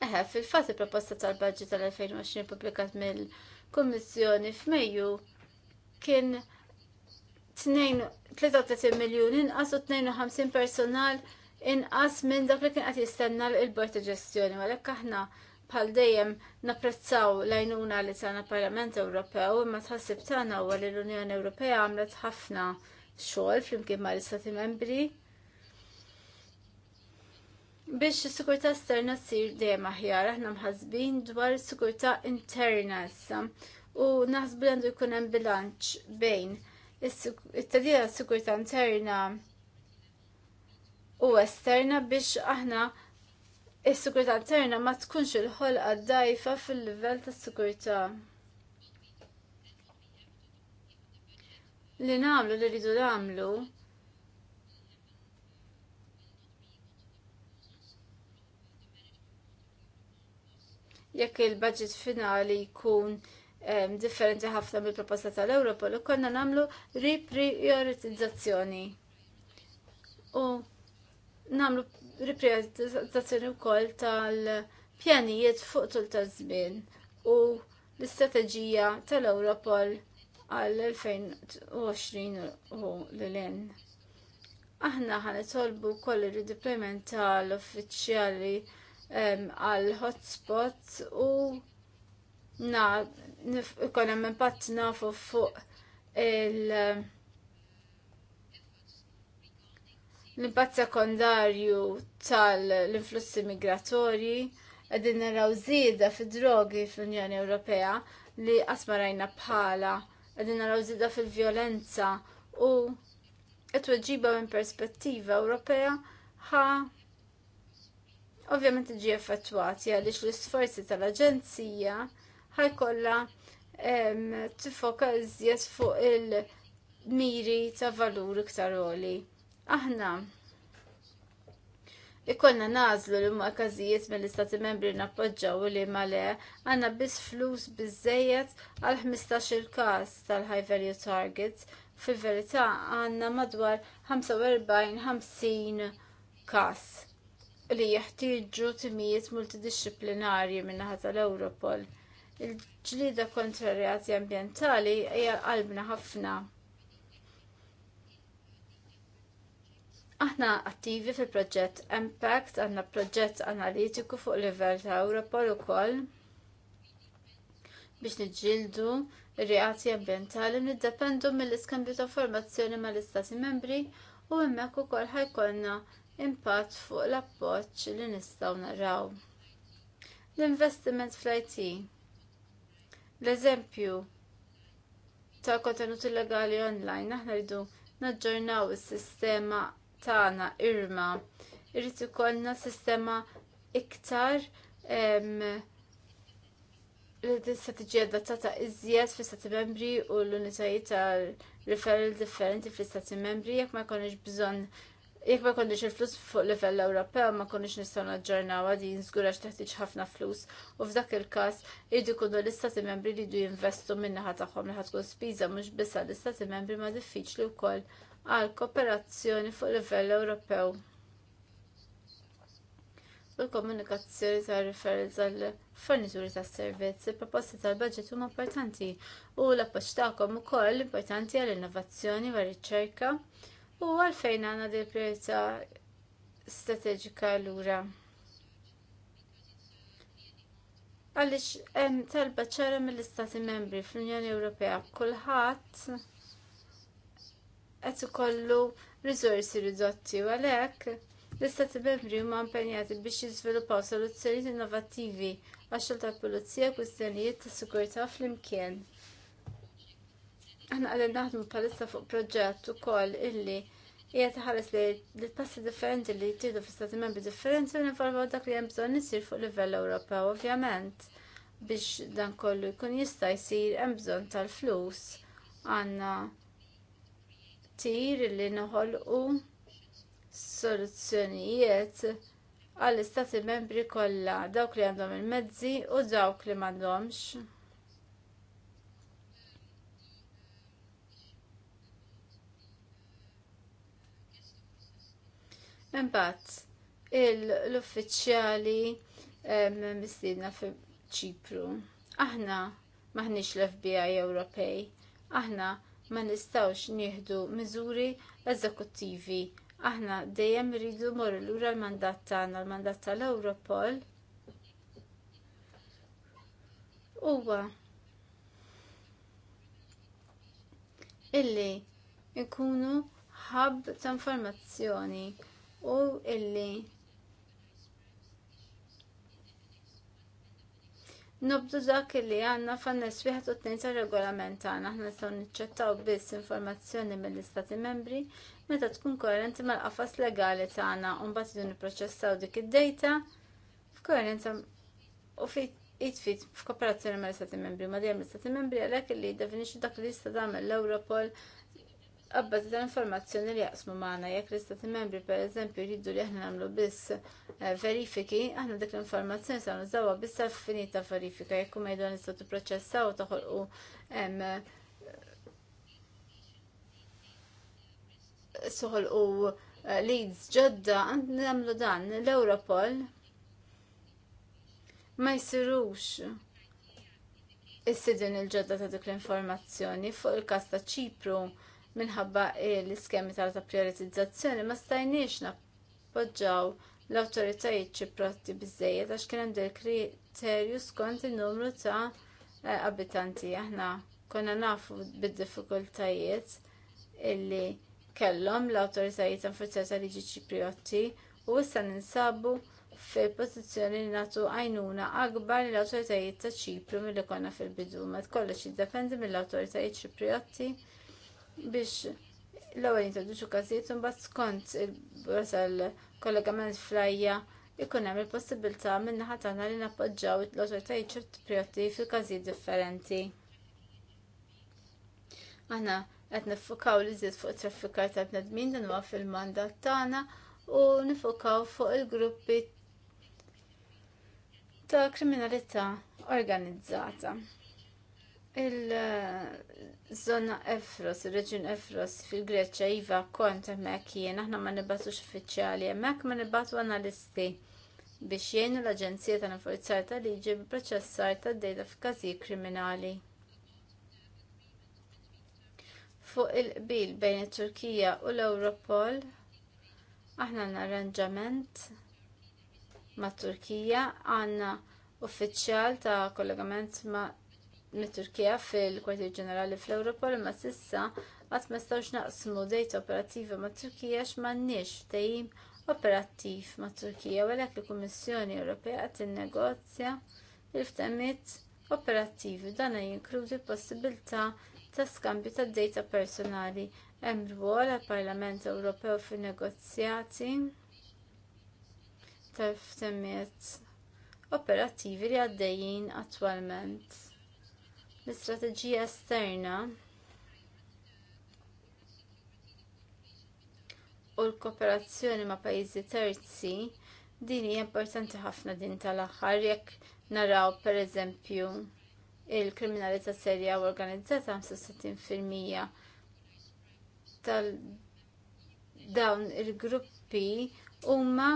Eħe, fil-fatt il-proposta tal-budget tal-2020 pubblikat mill- kummissjoni f'Mejju kien 33 miljun inqas u 52 personal inqas minn dak li kien qed jistenna l-bord ta' ġestjoni għalhekk aħna bħal dejjem napprezzaw l-għajnuna li tagħna Parlament Ewropew imma tħassib tagħna huwa li l-Unjoni Ewropea għamlet ħafna xogħol flimkien mal istati Membri biex is sigurtà esterna ssir dejjem aħjar, aħna mħasbin dwar is sigurtà interna issa u naħsbu għandu jkun hemm bilanċ bejn it-tadira s-sikurta interna u esterna biex aħna is-sikurta interna ma tkunx il-ħolqa dajfa fil-livell tas sikurta Li namlu li rridu namlu jekk il-budget finali jkun um, differenti ħafna mill-proposta tal-Ewropa li konna namlu riprioritizzazzjoni. U namlu riprioritizzazzjoni wkoll tal-pjanijiet fuq tul ta' żmien u l-istrateġija tal ewropol għal-2020 u l-len. Aħna ħanetolbu koll il-redeployment tal-uffiċjali għal hotspot u na ikon hemm impatt nafu fuq il l-impatt sekondarju tal-influssi migratorji qegħdin naraw zida fid-drogi fl-Unjoni Ewropea li qasma rajna bħala qegħdin naraw zida fil-vjolenza u it-tweġiba minn perspettiva Ewropea ħa ovvjament ġi effettwati għaliex l-isforzi tal-Aġenzija ħajkolla t iżjed fuq il-miri ta' valur iktar oli. Aħna Ikollna nażlu li ma każijiet mill-istati membri nappoġġaw li male le għandna biss flus biżejjed għal 15 il każ tal-high value targets. Fil-verità għandna madwar 45-50 każ li jeħtieġu timijiet multidisciplinarji min-naħa tal-Europol. Il-ġlida kontra reati ambjentali hija qalbna ħafna. Aħna attivi fil-proġett Impact, għandna proġett analitiku fuq livell ta' Europol ukoll biex niġġieldu reati ambjentali niddependu mill-iskambju ta' informazzjoni mal-Istati membri u hemmhekk ukoll ħajkollna impatt fuq l-appoġġ li nistgħu naraw. L-investiment fl-IT. L-eżempju ta' kontenut illegali online aħna rridu naġġornaw is-sistema tagħna irma. Irrid ikollna sistema iktar l-istrateġija adattata iżjed fl istati membri u l-unitajiet tal-referral differenti fl istati membri jekk ma jkollniex bżonn jekk ma kondix il-flus fuq livell Ewropew ma konniex nistgħu naġġornaw din żgur għax teħtieġ ħafna flus u f'dak il-każ jridu jkunu l-istati membri li du jinvestu min-naħa tagħhom li ħadkun spiża mhux biss għall-istati membri ma diffiċli wkoll għal kooperazzjoni fuq livell Ewropew. U l-komunikazzjoni ta' referenz għal fornituri ta' servizzi, proposti tal-budget huma importanti u l-appoġġ tagħkom ukoll importanti għall-innovazzjoni u r-riċerka. U għalfejn għandna di priorità strateġika lura. Għaliex hemm talba ċara mill-Istati Membri fl-Unjoni Ewropea kulħadd qed ikollu riżorsi ridotti u għalhekk L-istati membri huma impenjati biex jiżviluppaw soluzzjonijiet innovattivi għax xogħol tal pulizija kwistjonijiet ta' sigurtà flimkien. Aħna għalin naħdmu palissa fuq proġett u koll illi hija ħares li l-passi differenti li jtidu fi stati membri differenti u nivalvaw dak li hemm bżonn fuq livell Ewropew ovvjament biex dan kollu jkun jista' jsir hemm bżonn tal-flus għandna tir li u soluzzjonijiet għall-istati membri kollha dawk li għandhom il-mezzi u dawk li m'għandhomx. Imbagħad l-uffiċjali mistiedna fi Ċipru. Aħna maħniex l-FBI Ewropej. Aħna ma nistawx nieħdu miżuri eżekuttivi. Aħna dejjem rridu morru lura l-mandat tagħna, l-mandat tal ewropol Huwa illi nkunu ħabb ta' informazzjoni u illi Nobdu dak illi għanna fannes wieħed u tnejn tar-regolament għandna aħna nistgħu niċċettaw biss informazzjoni mill-Istati Membri meta tkun koerenti mal-qafas legali tagħna u mbagħad idu nipproċessaw dik id-dejta f'koerenza u fit f'kooperazzjoni mal-Istati Membri ma dejjem l-Istati Membri għalhekk illi jiddefinixxu dak li jista' tagħmel l-Europol għabbat tal-informazzjoni li jaqsmu maħna, jekk l-istati membri per eżempju jridu li aħna nagħmlu biss eh, verifiki, aħna dik l-informazzjoni sa' nużawha biss għal finita verifika, jekk huma jdu nistgħu tipproċessaw u toħolqu u eh, leads ġodda għand nagħmlu dan l-Europol ma jsirux is-sidin il-ġodda ta' dik l-informazzjoni fuq il-każ ta' Ċipru minħabba l-iskemi tal-ta' prioritizzazzjoni ma stajniex nappoġġaw l-autoritajiet ċiprotti bizzejiet għax kien hemm del kriterju skont in-numru ta' eh, abitanti aħna konna nafu bid-diffikultajiet illi kellhom l-awtoritajiet infurzjat tal liġi ċipriotti u issa ninsabu fil-pożizzjoni li nagħtu għajnuna akbar lill awtoritajiet ta' ċipru milli konna fil-bidu. Ma tkollox jiddependi mill-awtoritajiet ċipriotti biex l-ewwel jintroduċu każijiet u mbagħad skont il brasal kollegament minn flajja ikun hemm il-possibilità minn naħa tagħna li nappoġġjaw l-awtoritajiet ċertiprjoti fil-każijiet differenti. Aħna qed niffukaw li żied fuq traffikar ta' bnedmin dan huwa fil-mandat tagħna u nifukaw fuq il-gruppi ta' kriminalità organizzata. Il-zona Efros, il reġin Efros fil-Greċa jiva kont emmek jien, aħna ma nibbatux uffiċjali, emmek ma nibbatu analisti biex jgħinu l-Aġenzija ta' Nafurizzar ta' Liġi b'proċessar ta' dejda f'każijiet kriminali. Fuq il-qbil bejn it-Turkija u l-Europol, aħna l arranġament mat Turkija għandna uffiċjal ta' kollegament ma' mit-Turkija fil-Kwartier Ġenerali fl-Ewropol ma sissa qatt ma stawx naqsmu dejta operattiva mat Turkija nix tejjim operattiv mat Turkija u għalhekk il-Kummissjoni Ewropea qed innegozja il-ftehmiet operattivi dan jinkludi l-possibilità ta' skambju ta' dejta personali hemm rwol għall-Parlament Ewropew fin-negozjati tal-ftehmiet operattivi li għaddejjin attwalment. L-istrateġija esterna u l-kooperazzjoni ma' pajjiżi terzi din hija importanti ħafna din tal-aħħar jekk naraw pereżempju il-kriminalità serja u organizzata 65% tal dawn il-gruppi huma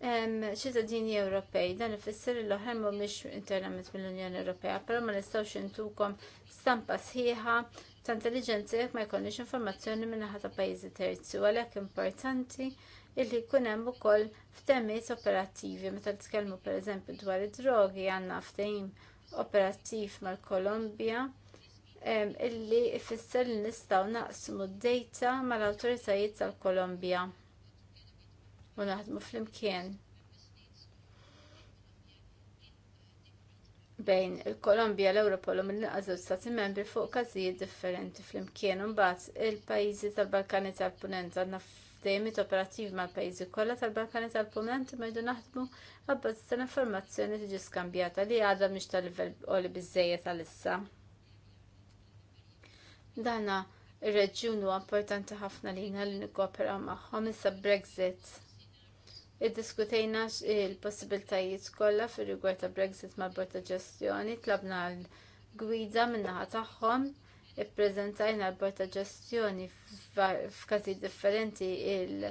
ċittadini Ewropej, dan ifisser li l-oħra mhumiex internament mill-Unjoni Ewropea, però ma nistgħux intukom stampa sħiħa ta' intelligenza jekk ma jkollniex informazzjoni min-naħa ta' pajjiżi terzi, u għalhekk importanti illi jkun hemm ukoll ftemiet operattivi meta tkellmu pereżempju dwar id-drogi għandna ftehim operattiv mal-Kolombja illi ifisser li nistgħu naqsmu d-dejta mal-awtoritajiet tal-Kolombja u naħdmu flimkien bejn il-Kolombja, l-Europol u l inqas stati membri fuq każijiet differenti flimkien mbagħad il-pajjiżi tal-Balkani tal-Punent għandna dejjem operattivi mal-pajjiżi kollha tal-Balkani tal-Punent jdu naħdmu għabbażi tal-informazzjoni tiġi skambjata li għadha mhix tal-livell għoli biżżejjed tal-issa. Dana ir-reġjun huwa importanti ħafna lina li nikkooperaw magħhom issa Brexit id-diskutejna il-possibiltajiet kollha fir-rigward ta' Brexit ma' bord ta' ġestjoni, tlabna l-gwida min-naħa tagħhom, ippreżentajna l-bord ta' ġestjoni f'każi differenti il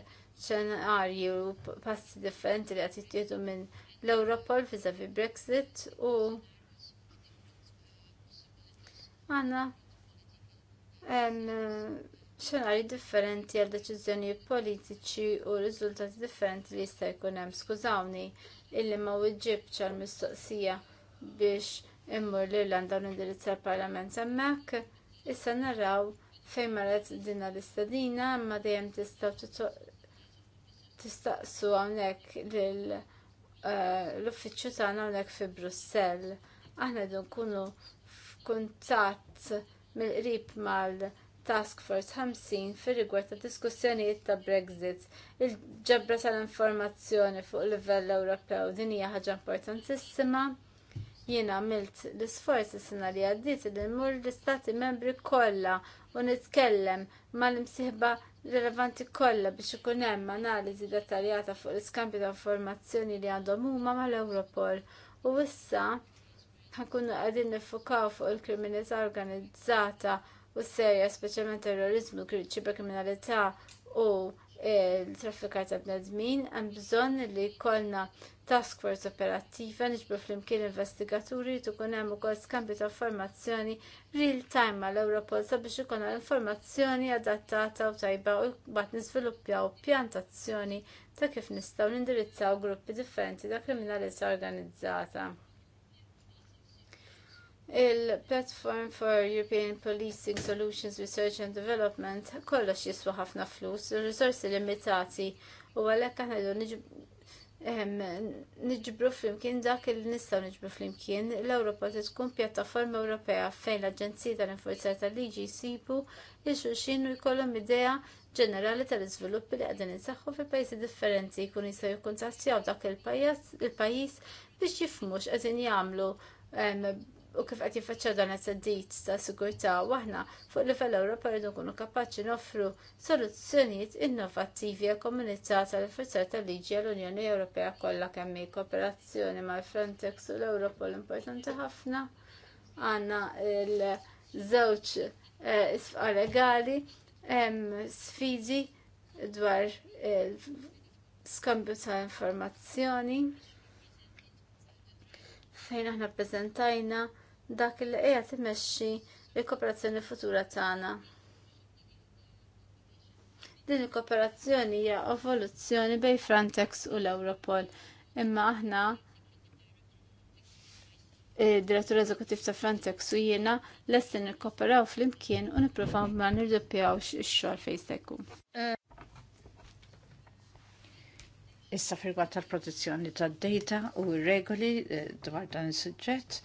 ċenarju u passi differenti li qed jittieħdu minn l-Europol fi Brexit u għanna xenari differenti għal deċiżjonijiet politiċi u riżultati differenti li jista' jkun hemm. Skużawni illi ma weġġibx għall mistoqsija biex immur l-Irlanda u l-indirizz parlament hemmhekk, issa naraw fejn marret din l-istadina imma dejjem tistgħu tistaqsu hawnhekk eh, l-uffiċċju tagħna hawnhekk fi Brussell. Aħna dun nkunu f'kuntatt mill-qrib mal- Task Force 50 fir rigward ta' diskussjonijiet ta' Brexit, il-ġabra tal-informazzjoni fuq livell Ewropew din hija ħaġa importantissima. Jiena għamilt l-isforzi sena li għaddiet li nmur l-istati membri kollha u nitkellem mal-imsieħba rilevanti kollha biex ikun hemm analiżi dettaljata fuq l-iskambju ta' informazzjoni li għandhom huma mal ewropol U issa ħakunu għadin nifukaw fuq il-kriminalità organizzata u s serja speċjalment terrorizmu, ċiberkriminalità u il e, traffika ta' bnedmin, hemm bżonn li jkollna task force operattiva niġbru flimkien investigaturi kun hemm ukoll skambju ta' informazzjoni real time mal Europol sabiex ikun informazzjoni adattata u tajba u bat niżviluppaw pjantazzjoni ta' kif nistgħu nindirizzaw gruppi differenti ta' kriminalità organizzata. Il-Platform for European Policing Solutions Research and Development kollox jiswa ħafna flus, risorsi limitati u għalhekk aħna ehm, niġbru flimkien dak il nistgħu niġbru flimkien l-Ewropa tkun pjattaforma Ewropea fejn l-Aġenziji tal-Infurzar tal-Liġi jsibu il xulxin u jkollhom idea ġenerali tal iżviluppi li qegħdin insaħħu fi pajjiżi differenti jkun jistgħu jikkuntattjaw dak il-pajjiż biex jifhmux qegħdin jagħmlu ehm, u kif qed jiffaċċja dan it-teddit ta' sigurtà waħda fuq livell Ewropa rridu nkunu kapaċi noffru soluzzjonijiet innovattivi għal komunità tal-forzar tal-liġi għall-Unjoni Ewropea kollha kemm hi kooperazzjoni mal Frontex u l ewropol importanti ħafna għandna l-żewġ eh, isfqa legali sfidi dwar skambju ta' informazzjoni fejn aħna prezentajna dak li qiegħed timexxi l-kooperazzjoni futura tagħna. Din il-kooperazzjoni hija evoluzzjoni bejn Frontex u l-Europol. Imma aħna direttur eżekuttiv ta' Frontex u jiena lessin nikkooperaw fl-imkien u nippruvaw ma nirdoppjawx ix-xogħol fejn sekku. Issa fil tal-protezzjoni tad-data u r-regoli eh, dwar dan is-suġġett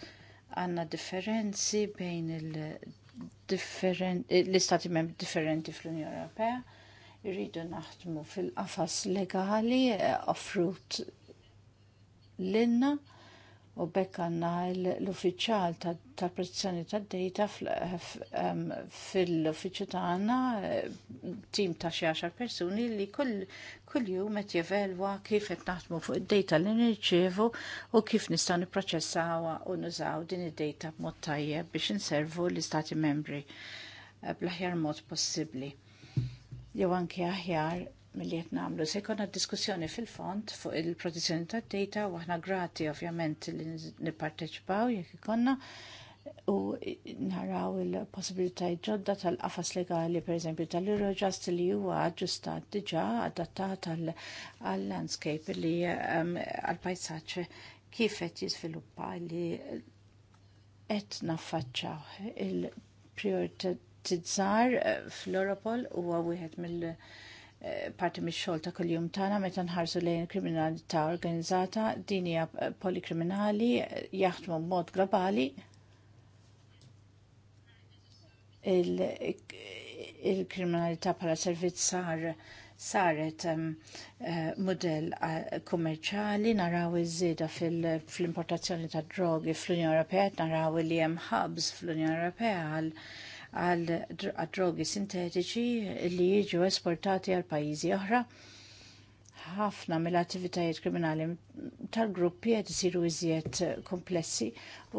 għanna differenzi bejn l-istati membri differenti fl-Unjoni Ewropea. Irridu naħdmu fil-qafas legali eh, offrut l-inna u bekk għanna l-uffiċjal tal-protezzjoni tad data fil-uffiċju ta' għanna eh, tim ta' xi għaxar persuni li kull jum qed jevelwa kif qed naħdmu fuq id-data li nirċievu u kif nistgħu nipproċessawha u nużaw din id-data b'mod tajjeb biex inservu l-istati membri eh, bl-aħjar mod possibbli. Jew anke aħjar mill-li jek namlu. Se diskussjoni fil-font fuq il-protezzjoni ta' data u għahna grati ovvjament li nipparteċipaw jek ikonna u naraw il-possibilitajiet ġodda tal-qafas legali per eżempju tal-Eurojust li huwa aġġustat diġà adattat għal-landscape li um, għal-pajsaċ kif qed jiżviluppa li qed naffaċċaw il-prioritizzar uh, fl-Europol huwa wieħed mill- parti mix-xogħol ta' kuljum tagħna meta nħarsu lejn kriminalità organizzata, din hija eh, polikriminali eh, jaħdmu b'mod globali. Eh, il-kriminalità il bħala servizz sar saret um, ehm, uh, model kummerċali, naraw iż-żieda fil-importazzjoni ta' drogi fl-Unjoni Ewropea, naraw li hemm hubs fl-Unjoni Ewropea għal għal drogi sintetiċi li jiġu esportati għal pajjiżi oħra. Ħafna mill-attivitajiet kriminali tal-gruppi qed isiru iżjed komplessi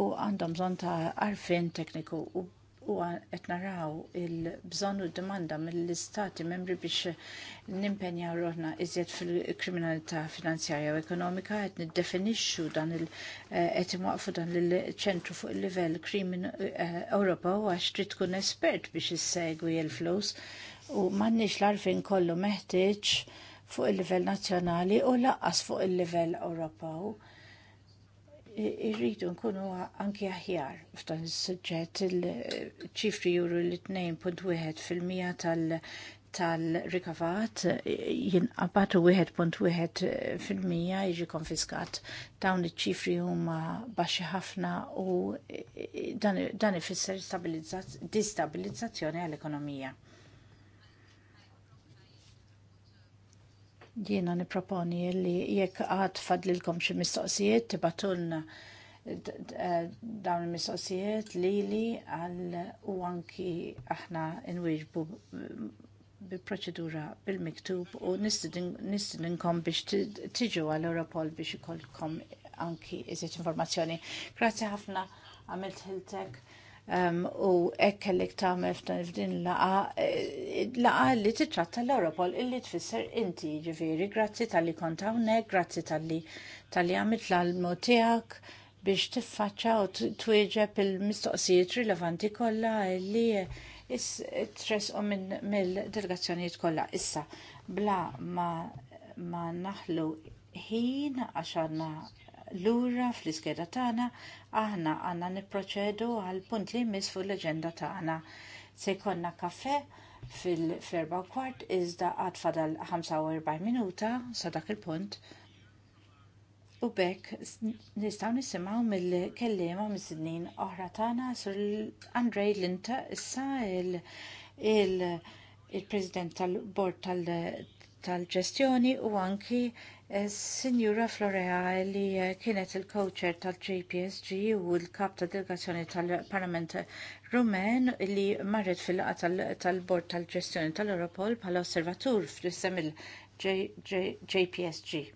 u għandhom bżonn ta' arfin tekniku u u qed naraw il-bżonn u d-demanda mill-istati membri biex nimpenjaw roħna iżjed fil-kriminalità finanzjarja u ekonomika qed niddefinixxu dan il- eh, qed imwaqfu dan il-ċentru fuq il-livell krimin u eh, għax trid tkun espert biex issegwi l-flus u m'għandniex l-arfin kollu meħtieġ fuq il-livell nazzjonali u laqqas fuq il-livell Ewropew irridu nkunu anki aħjar f'dan is-suġġett il-ċifri juru l-2.1 fil-mija tal- tal-rikavat jinqabatu 1.1 fil-mija jiġi konfiskat. Dawn iċ-ċifri huma baxxi ħafna u dan ifisser distabilizzazzjoni għall-ekonomija. Jiena niproponi li jekk għad fadlilkom xi mistoqsijiet tibatulna eh, eh, dawn il-mistoqsijiet li li għal u anki aħna nwieġbu eh, bi proċedura bil-miktub u nistidinkom biex tiġu għal Europol biex ikolkom anki iżiet informazzjoni. Grazzi ħafna għamilt Hiltek u hekk kellek tagħmel f'dan f'din laqa eh, laqa li titratta l-Europol illi tfisser inti ġifieri grazzi tal-li kont hawnhekk, grazzi tal-li tal għamit għamilt l-almu tiegħek biex tiffaċċa u twieġeb il-mistoqsijiet rilevanti kollha li minn mill-delegazzjonijiet kollha issa bla ma ma naħlu ħin għax lura fl-iskeda tagħna aħna għandna nipproċedu għal punt li jmiss fuq l-aġenda tagħna. Se jkollna kafe fil-4 kwart iżda għad fadal 45 minuta sa dak il-punt. U bekk nistgħu nisimgħu mill-kellima mis-snin oħra tagħna sur Andrej Linta issa il-President tal-Bord tal-Ġestjoni u anki Signora Florea li eh, kienet il-coacher tal-JPSG u l-kap ta' delegazzjoni tal-Parlament Rumen li marret fil-laqa tal-Bord tal-ġestjoni tal-Europol bħala osservatur fl-isem il-JPSG.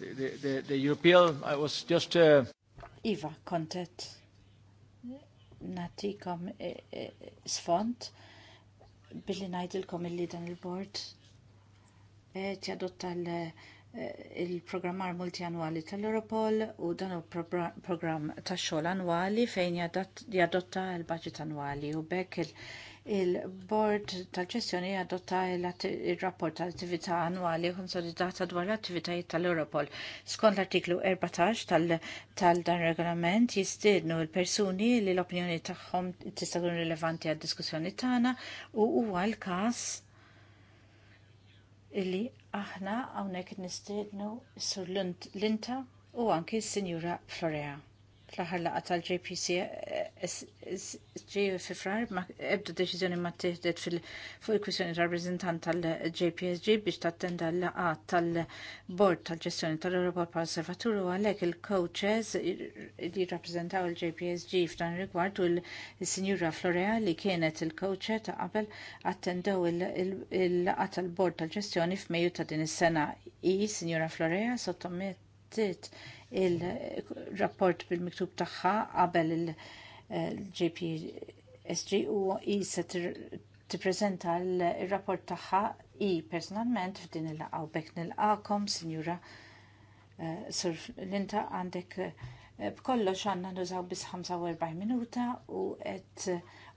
the, the, the European, I was just... Uh... Eva, kontet natikom eh, eh, sfond billi najdilkom illi dan il-bord eh, tjadotta il-programmar multianwali tal-Europol u dan il-programm ta' xogħol annwali fejn jadotta l-budget annwali u bekk il- il-Bord tal-ġestjoni adotta il-rapport tal-attività annwali konsolidata dwar l-attivitajiet tal-Europol. Skont l-artiklu 14 tal-dan regolament jistednu l-persuni li l-opinjoni tagħhom tista' tkun rilevanti għad-diskussjoni tagħna u huwa l-każ illi aħna hawnhekk nistednu sur l-inta u anki s-Sinjura Florea fl-aħħar laqgħa tal-JPC eh, eh, ġej fi frar ma ebda deċiżjoni ma tieħdet fuq il kwissjoni tar-reprezentant tal-JPSG biex tattenda l-laqgħa tal-Bord tal-Ġestjoni tal-Europa Konservatur u għalhekk il-coaches li rappreżentaw il-JPSG f'dan rigward u l-Sinjura Florea li kienet il-coache ta' qabel attendew il-laqgħa tal-Bord tal-Ġestjoni f'Mejju ta' din is-sena. I, Sinjura Florea, sottomettit il-rapport bil-miktub tagħha qabel il-JPSG u i se t-prezenta l-rapport tagħha i personalment f'din il-laqgħu bekk nilqakom, Sinjura eh, Sur Linta għandek eh, b'kollox għandna nużaw bis 45 minuta u għet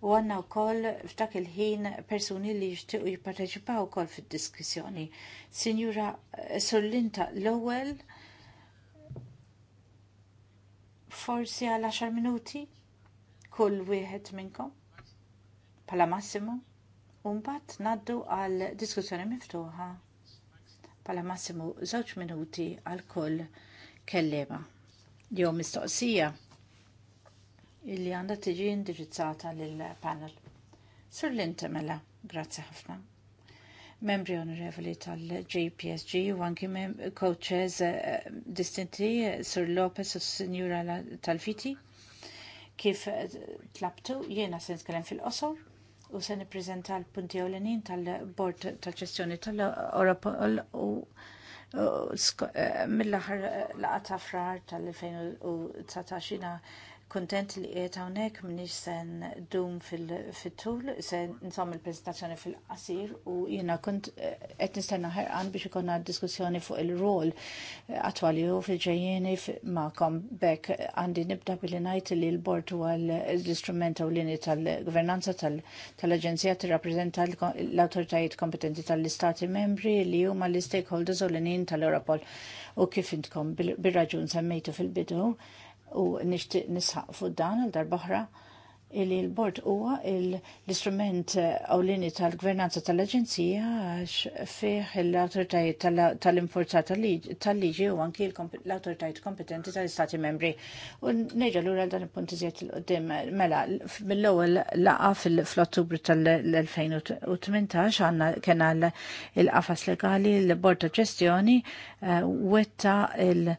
u u wkoll f'dak il-ħin persuni li jixtiequ jipparteċipaw ukoll fid-diskussjoni. Sinjura eh, Sur Linta l ewel forsi għal 10 minuti kull wieħed minnkom pala massimo u mbagħad ngħaddu għal diskussjoni miftuħa pala massimu żewġ minuti għal kull kellema jew mistoqsija illi għandha tiġi indirizzata lill-panel. Sur l-intemela, grazie ħafna membri onorevoli tal-JPSG u anki coaches eh, distinti eh, Sur Lopez u Signora Talfiti kif eh, tlabtu jiena se nitkellem fil-qosor u se nippreżenta l-punti ewlenin tal-Bord tal-ġestjoni tal-Europol u mill-aħħar laqata ta' frar tal-2019 Kuntent li qiegħed hawnhekk m'iniex se dum fit-tul, se nsomm il-preżentazzjoni fil-qasir u jiena kont eh, qed nistenna ħerqan biex ikollna diskussjoni fuq il-rol eh, attwali u fil-ġejjieni ma'kom bekk eh, għandi nibda billi ngħid li l-bord huwa l-istrument ewlieni tal-gvernanza tal-Aġenzija tirrappreżenta l-awtoritajiet kompetenti tal-Istati membri li huma l-stakeholders ewlenin tal-Europol u kif intkom bir-raġun semmejtu fil-bidu u nixtieq nisħaq fuq dan il darbaħra illi l-bord huwa l-istrument awlini tal-gvernanza tal-Aġenzija għax fih l-autoritajiet tal-importat tal-liġi u anki l-autoritajiet kompetenti tal-Istati membri. U neġa l dan il-punt iżjed l-qoddim mela mill-ewwel laqa fl-Ottubru tal-2018 għandna kena l-qafas legali l-bord ta' ġestjoni eh, wetta il-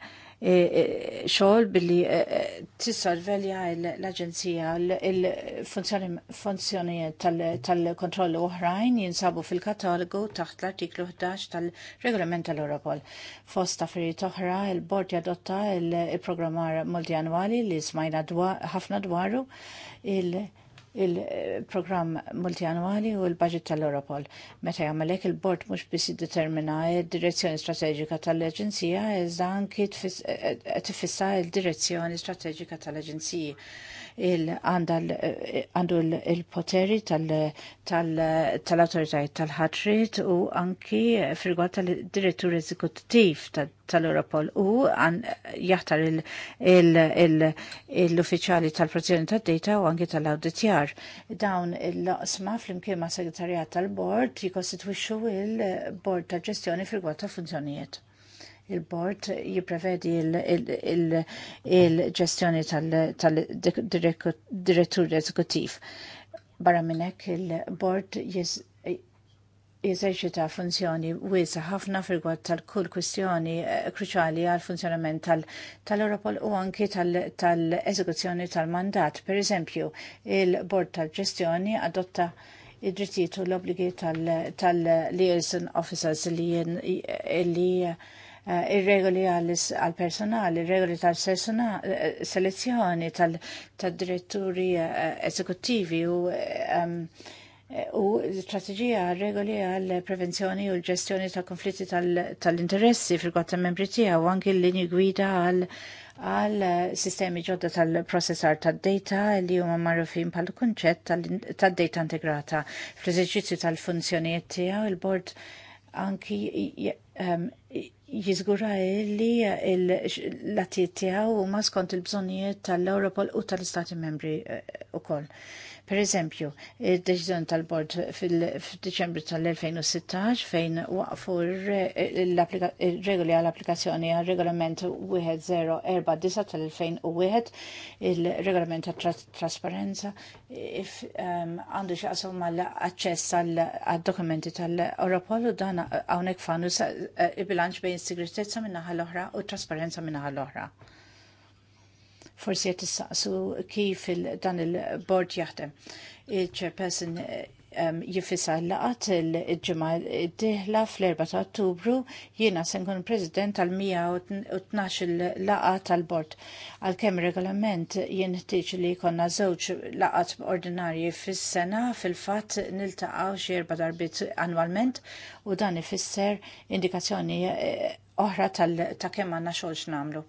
E, e, xogħol billi e, tissalvelja l-Aġenzija l funzjonijiet tal kontrollu oħrajn jinsabu fil-katalogu taħt l-artiklu 11 tal-Regolament tal-Europol. Fost affarijiet oħra, il-Bord jadotta il-programmar multianwali li smajna ħafna dwaru il- il-programm multianwali u l-budget tal-Europol. Meta jagħmelek il-bord mhux biss jiddetermina d-direzzjoni strateġika tal-Aġenzija, iżda anki eh, t-fissa il direzzjoni strateġika tal-Aġenziji għandu il-poteri tal autoritajt tal-ħatrit u anki frigwa tal-direttur eżekuttiv tal-Europol u jaħtar l-uffiċjali tal-protezzjoni tad-data u anki tal-auditjar. Dawn il-loqsma fl-imkien ma' segretarjat tal-bord jikostitwixxu il-bord tal-ġestjoni frigwa tal-funzjonijiet il-bord jiprevedi il-ġestjoni tal-direttur eżekutiv. Barra minnek il-bord jeżerċita funzjoni wiesa ħafna fil tal-kull kwistjoni eh, kruċali għal funzjonament tal-Europol u anki tal-eżekuzzjoni tal-mandat. Per eżempju, il-bord tal-ġestjoni adotta id-drittijiet u l-obligi tal-liaison officers li Eh, ir-regoli għal personali ir-regoli tal-selezzjoni, eh, tal-diretturi eh, eżekuttivi u u strategija regoli għal prevenzjoni u l-ġestjoni ta' konflitti tal-interessi fil-gwatta membri tiegħu anki l-linji gwida għal għal sistemi ġodda tal-processar tad-data li huma marrufin pal kunċett tad-data integrata fl-eżerċizzju tal-funzjonijiet tiegħu il-bord anki jizgura li l-atiet tiegħu huma skont il-bżonnijiet tal-Europol u tal-Istati membri wkoll. Eh, Per eżempju, id-deċiżjoni tal-bord fil-Deċembru tal-2016 fejn waqfu regoli għall-applikazzjoni għal regolament 1049 tal-2001 il-regolament għal trasparenza um, għandu xaqsum mal-aċċess għal-dokumenti tal-Europol u dan hawnhekk fanu eh, il-bilanċ bejn sigritezza minna l-oħra u trasparenza minna l-oħra. Forsi qed issaqsu kif dan il-bord jaħdem. il um, jifissa l-laqat il ġemma id-dihla fl-4 ta' ottubru jiena se nkun president tal-112 laqat tal-bord. Għal kem regolament jien li jkollna żewġ laqat ordinarji fis-sena fil-fatt niltaqgħu xi erba' darbit annwalment u dan ifisser indikazzjoni eh, oħra tal ta' kemm għandna xogħol x'namlu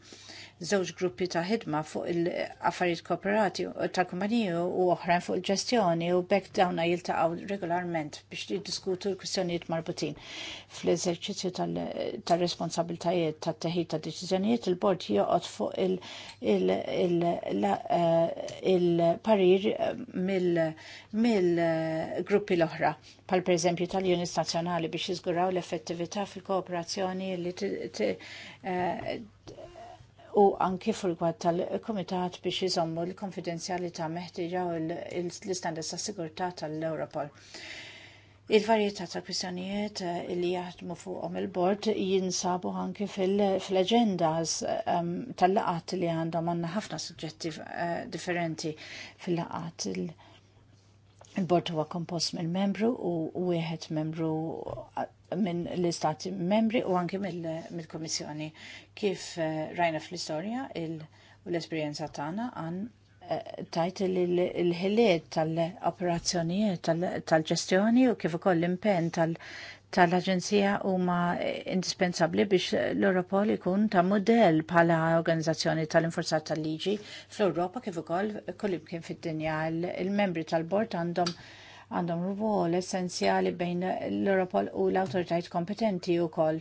żewġ gruppi ta' ħidma fuq il-affarijiet kooperati eh, ta' kumpaniju u oħrajn fuq il-ġestjoni u bekk dawna jiltaqgħu regolarment biex jiddiskutu l-kwistjonijiet marbutin. Fl-eżerċizzju tal-responsabiltajiet tat teħid ta' deċiżjonijiet il-bord joqgħod fuq eh, il-parir eh, mill-gruppi l-oħra pal per tal-Unis Nazzjonali biex jiżguraw l-effettività fil-kooperazzjoni li u anki fil-gwad tal-Komitat biex jizommu l-konfidenzjalità meħtieġa u l-istandards ta' sigurtà tal-Europol. Il-varjetà ta' kwistjonijiet eh, li jaħdmu fuqhom il-bord jinsabu anki fil-agendas ehm, tal-laqat li għandhom għandna ħafna suġġetti eh, differenti fil-laqat Il-bord huwa kompost mill-membru u wieħed membru minn l-istati membri u anki mill-Komissjoni. Kif eh, rajna fl-istorja u l-esperienza tagħna għan eh, tajt il-ħiliet tal-operazzjonijiet tal-ġestjoni u kif ukoll l-impenn tal-Aġenzija huma indispensabbli biex l-Europol ikun ta' modell bħala organizzazzjoni tal-infurzat tal-liġi fl-Ewropa kif ukoll kullimkien fid-dinja. Il-membri tal-bord għandhom għandhom rwol essenzjali bejn l-Europol u l-autoritajt kompetenti u koll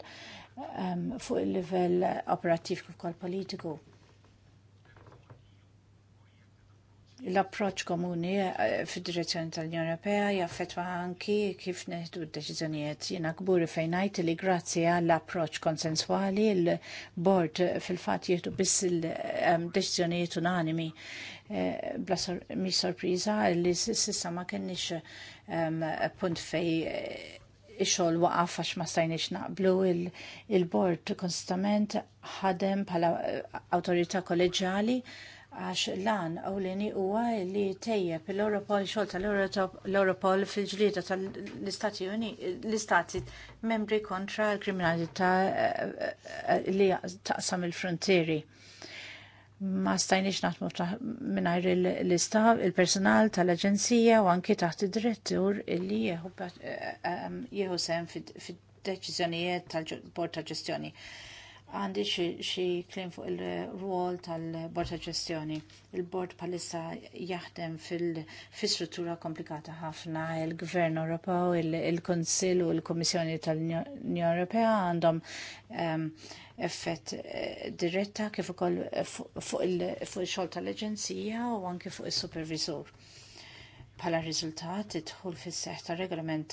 um, fuq il-livell operattiv kif ukoll politiku. l-approċ komuni eh, fid-direzzjoni tal-Unjoni Ewropea jaffetwa anki kif neħdu d-deċiżjonijiet. Jiena kburi fejn ngħid li grazzi għall approċ konsenswali l-bord fil-fatt jieħdu biss il-deċiżjonijiet eh, unanimi Eh, bla mi sorpriża li sissa ma kenniex punt fej eh, ix-xogħol waqaf għax ma stajniex naqblu il-bord konstament ħadem bħala eh, awtorità kolleġjali għax lan ewlieni huwa li tejjeb l-Europol xogħol tal-Europol fil ġlida tal-Istati Uniti l-Istati membri kontra l-kriminalità li taqsam il-frontieri ma stajniex naħdmu minnajr l-istaff, il-personal tal-Aġenzija u anki taħt id-direttur illi jieħu eh, eh, eh, sem fid-deċiżjonijiet tal-Bord tal Ġestjoni għandi xi klim fuq il-rwol tal-bord ta' ġestjoni. Il-bord palissa jaħdem fil-struttura komplikata ħafna il-Gvern Ewropew, il-Konsil u l kummissjoni tal-Unjoni Ewropea għandhom ehm, effett eh, diretta kif ukoll fuq il-xogħol tal-Aġenzija u anke fuq is-Supervisur. Bħala riżultat, dħul fis seħħ tar regolament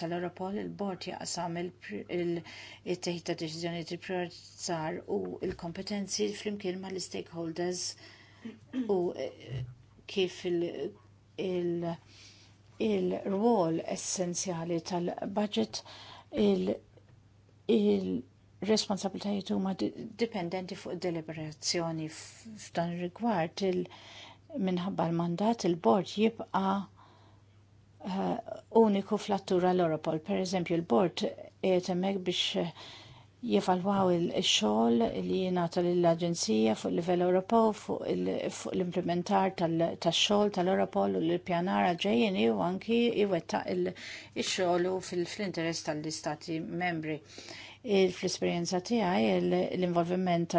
tal-Europol il-bord jaqsam il-teħid ta' deċiżjoni tal priorizzar u l-kompetenzi flimkien mal stakeholders u kif il-rwol essenzjali tal-budget il- responsabbiltajiet huma dipendenti fuq deliberazzjoni f'dan rigward il-, il minħabba l-mandat il-bord jibqa' uh, uniku fl-attura l-Europol. Per eżempju, l-bord jtemek biex eh, jevalwaw il-xogħol li jingħata lill-Aġenzija fuq livell Ewropew fuq l-implementar tax-xogħol tal-Europol u l-pjanar għalġejjin u anki iwettaq il-xogħol fil-interess tal-istati membri fl-esperienza tiegħi l-involviment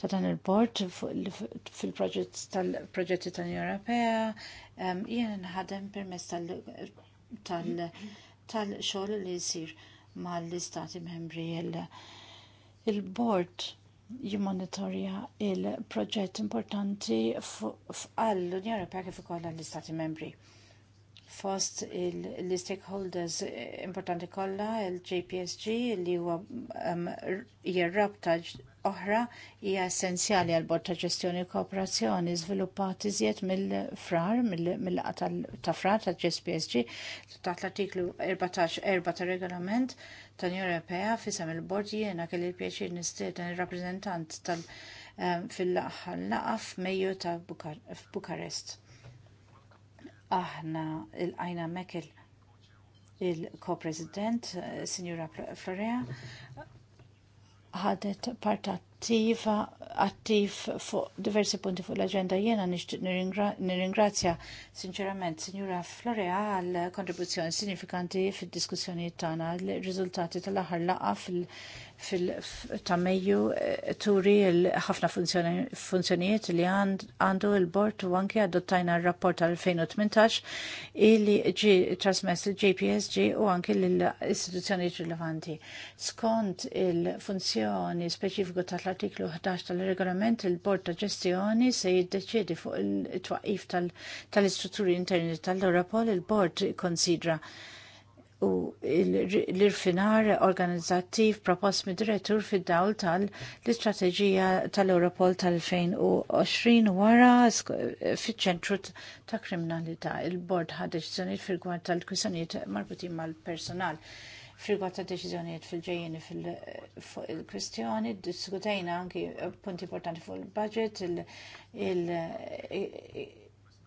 ta' dan il-bord fil-proġetti tal-Unjoni Ewropea jiena nħadem permess tal-xogħol li jsir mal-istati membri il-bord jimmonitorja il-proġett importanti f'għall unjoni Ewropea kif ukoll għall-Istati Membri fost l-stakeholders importanti kollha il-JPSG li huwa jirrabta oħra hija essenzjali għal bord ta' ġestjoni kooperazzjoni żviluppat iżjed mill-frar mill-laqa ta' frar ta' JPSG taħt l-artiklu 14 ta' regolament ta' unjoni Ewropea fisa il-bord jiena kelli l-pjaċir nistieden ir-rappreżentant tal- fil-laqa Mejju ta' Bukarest aħna il-għajna Mekel il co president eh, Signora Florea, ħadet part attiva, attiv fuq diversi punti fuq l-agenda jena nir-ingrazzja sinċerament Signora Florea għal kontribuzzjoni sinifikanti fil-diskussjoni tana l-rizultati tal-aħar laqa fil- fil-tammeju eh, turi ħafna funzjonijiet li għandu il-bord u għanki adottajna r-rapport għal 2018 illi ġi trasmess il-JPSG u anki l-istituzzjoni rilevanti. Skont il-funzjoni speċifiku tal-artiklu 11 tal-regolament, il-bord ta' ġestjoni se jiddeċedi fuq il-twaqif tal-istrutturi interni tal-Europol, il-bord konsidra u l-irfinar organizzattiv propost mid direttur fid-dawl tal-istrateġija tal-Europol tal-2020 wara fiċ-ċentru ta' kriminalità. Il-bord ħad deċiżjonijiet fil-gwad tal-kwissjonijiet marbutin mal-personal frigwa ta' deċiżjonijiet fil-ġejjeni fil kwistjoni diskutejna anki punti importanti fuq il-budget, il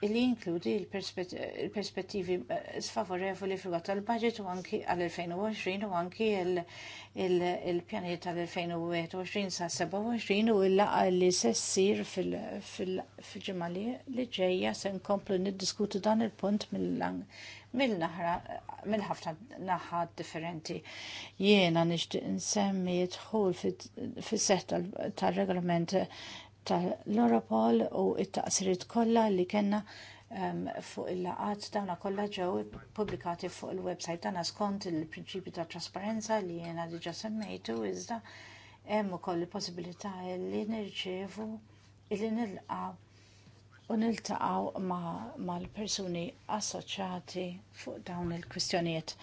li jinkludi l-perspettivi eh, sfavorevoli fil tal-budget u anki għal-2020 u anki il-pjaniet tal-2021 sa' 27 u l-laqa li sessir fil-ġemali li ġeja se nkomplu niddiskutu dan il-punt mill-naħra mill-ħafna naħat differenti. Jiena nixtieq nsemmi jitħol fis-seħħ tal-regolament tal-Europol u it-taqsirit kollha li kellna fuq il-laqat dawna kollha ġew publikati fuq il-website tagħna skont il-prinċipju ta' trasparenza li jiena diġà semmejtu iżda hemm ukoll il-possibilità li nirċievu illi nilqaw u niltaqaw mal-persuni ma assoċjati fuq dawn il-kwistjonijiet.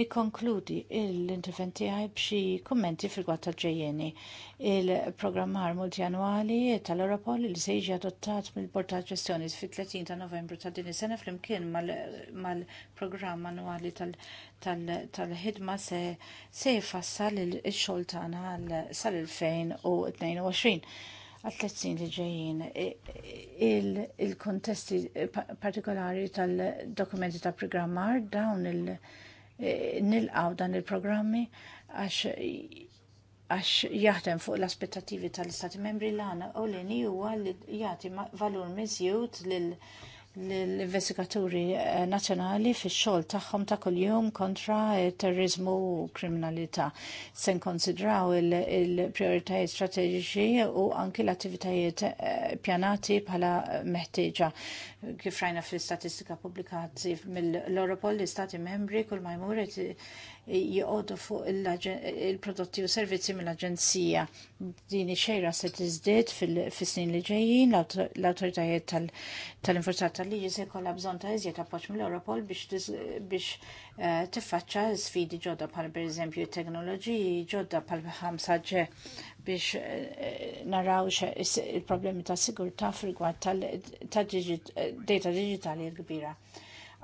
Nikonkludi l-interventi għaj bxi kummenti fil-gwatta ġejjeni. Il-programmar multjanwali tal-Europol li se jiġi adottat mill-Bord ta' Ġestjoni fit-30 ta' Novembru ta' din is-sena flimkien mal-programm annwali tal-ħidma se se jfassal il-xogħol tagħna sal-2022 għat-tletzin li ġejjin. Il-kontesti partikolari tal-dokumenti ta' programmar dawn il- nilqaw dan il-programmi għax għax jaħdem fuq l-aspettativi tal-Istati membri l-għana u l-għini u għal jgħati valur mizjut lil l-investigaturi eh, nazzjonali fix xogħol tagħhom ta' kuljum kontra terrorizmu u kriminalità. Se nkonsidraw il-prioritajiet strateġiċi u anki l-attivitajiet eh, pjanati bħala meħtieġa. Kif rajna fil-statistika pubblikati mill-Europol l-Istati membri kull ma jmur joqogħdu fuq il-prodotti u servizzi mill-Aġenzija. Din ix-xejra se tiżdied fis-snin li ġejjin l-awtoritajiet tal-infurzat tal-liġi se jkollha bżonn ta' iżjed appoġġ mill-Europol biex eh, tiffaċċa sfidi ġodda bħal pereżempju t-teknoloġiji ġodda bħal 5G biex eh, naraw il-problemi ta' sigurtà fil tal-data digitali l-kbira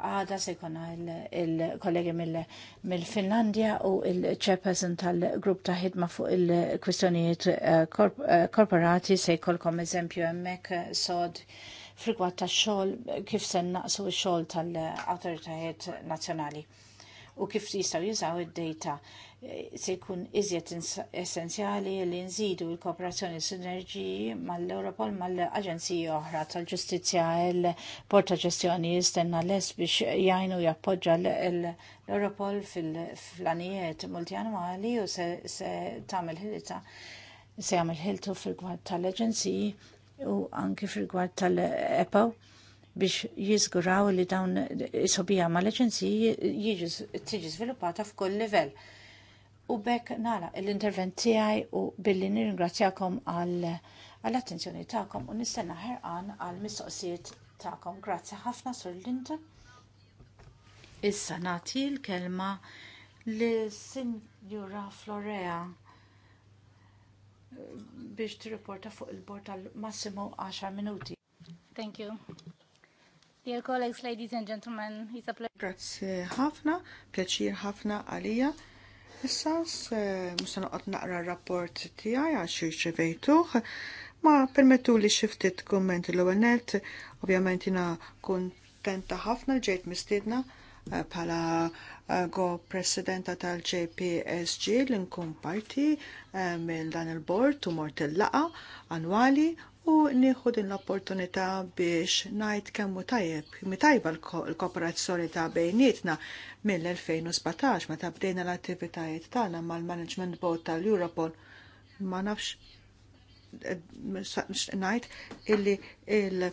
għada se jkonna il-kollegi mill-Finlandja u il-chairperson tal-grupp ta' ħidma fuq il-kwistjonijiet eh, eh, korporati se jkollkom eżempju emmek eh, sod frikwat ta' xol kif se naqsu xol tal-autoritajiet nazjonali u kif jistgħu jużaw id-data. Se jkun iżjed essenzjali li nżidu l-kooperazzjoni sinerġiji mal-Europol mal-Aġenziji oħra tal-Ġustizzja l-Porta Ġestjoni jistenna les biex jgħajnu jappoġġa l-Europol fil-flanijiet multianwali u se tagħmel ħilita se jagħmel ħiltu fil-gwad tal-Aġenziji u anki fil-gwad tal-EPO biex jizguraw li dawn is ma mal eġenziji tiġi sviluppata f'kull livell. U bekk nara l-intervent tiegħi u billi nirringrazzjakom għall-attenzjoni tagħkom u nistenna ħerqan għall-mistoqsijiet tagħkom. Grazzi ħafna Sur Linton. Issa nagħti l-kelma li Sinjura Florea biex tirriporta fuq il-bord tal-massimo 10 minuti. Thank you. Dear colleagues, ladies and gentlemen, it's a pleasure. Grazie ħafna, pjaċir ħafna għalija. Issa musa noqgħod naqra r-rapport tiegħi għax irċevejtuh, ma permettu li xiftit komment l-ewwel net, ovvjament jiena ħafna l ġejt mistidna. pala eh, eh, go presidenta tal-JPSG l-inkum parti eh, mill dan il-bord tu mort il-laqa annwali u nieħu din l-opportunità biex ngħid kemm hu tajjeb mi tajba l-kooperazzjoni ta' bejnietna mill-2017 meta bdejna l-attivitajiet tagħna mal-Management Board tal-Europol ma nafx eh, eh, ngħid illi il-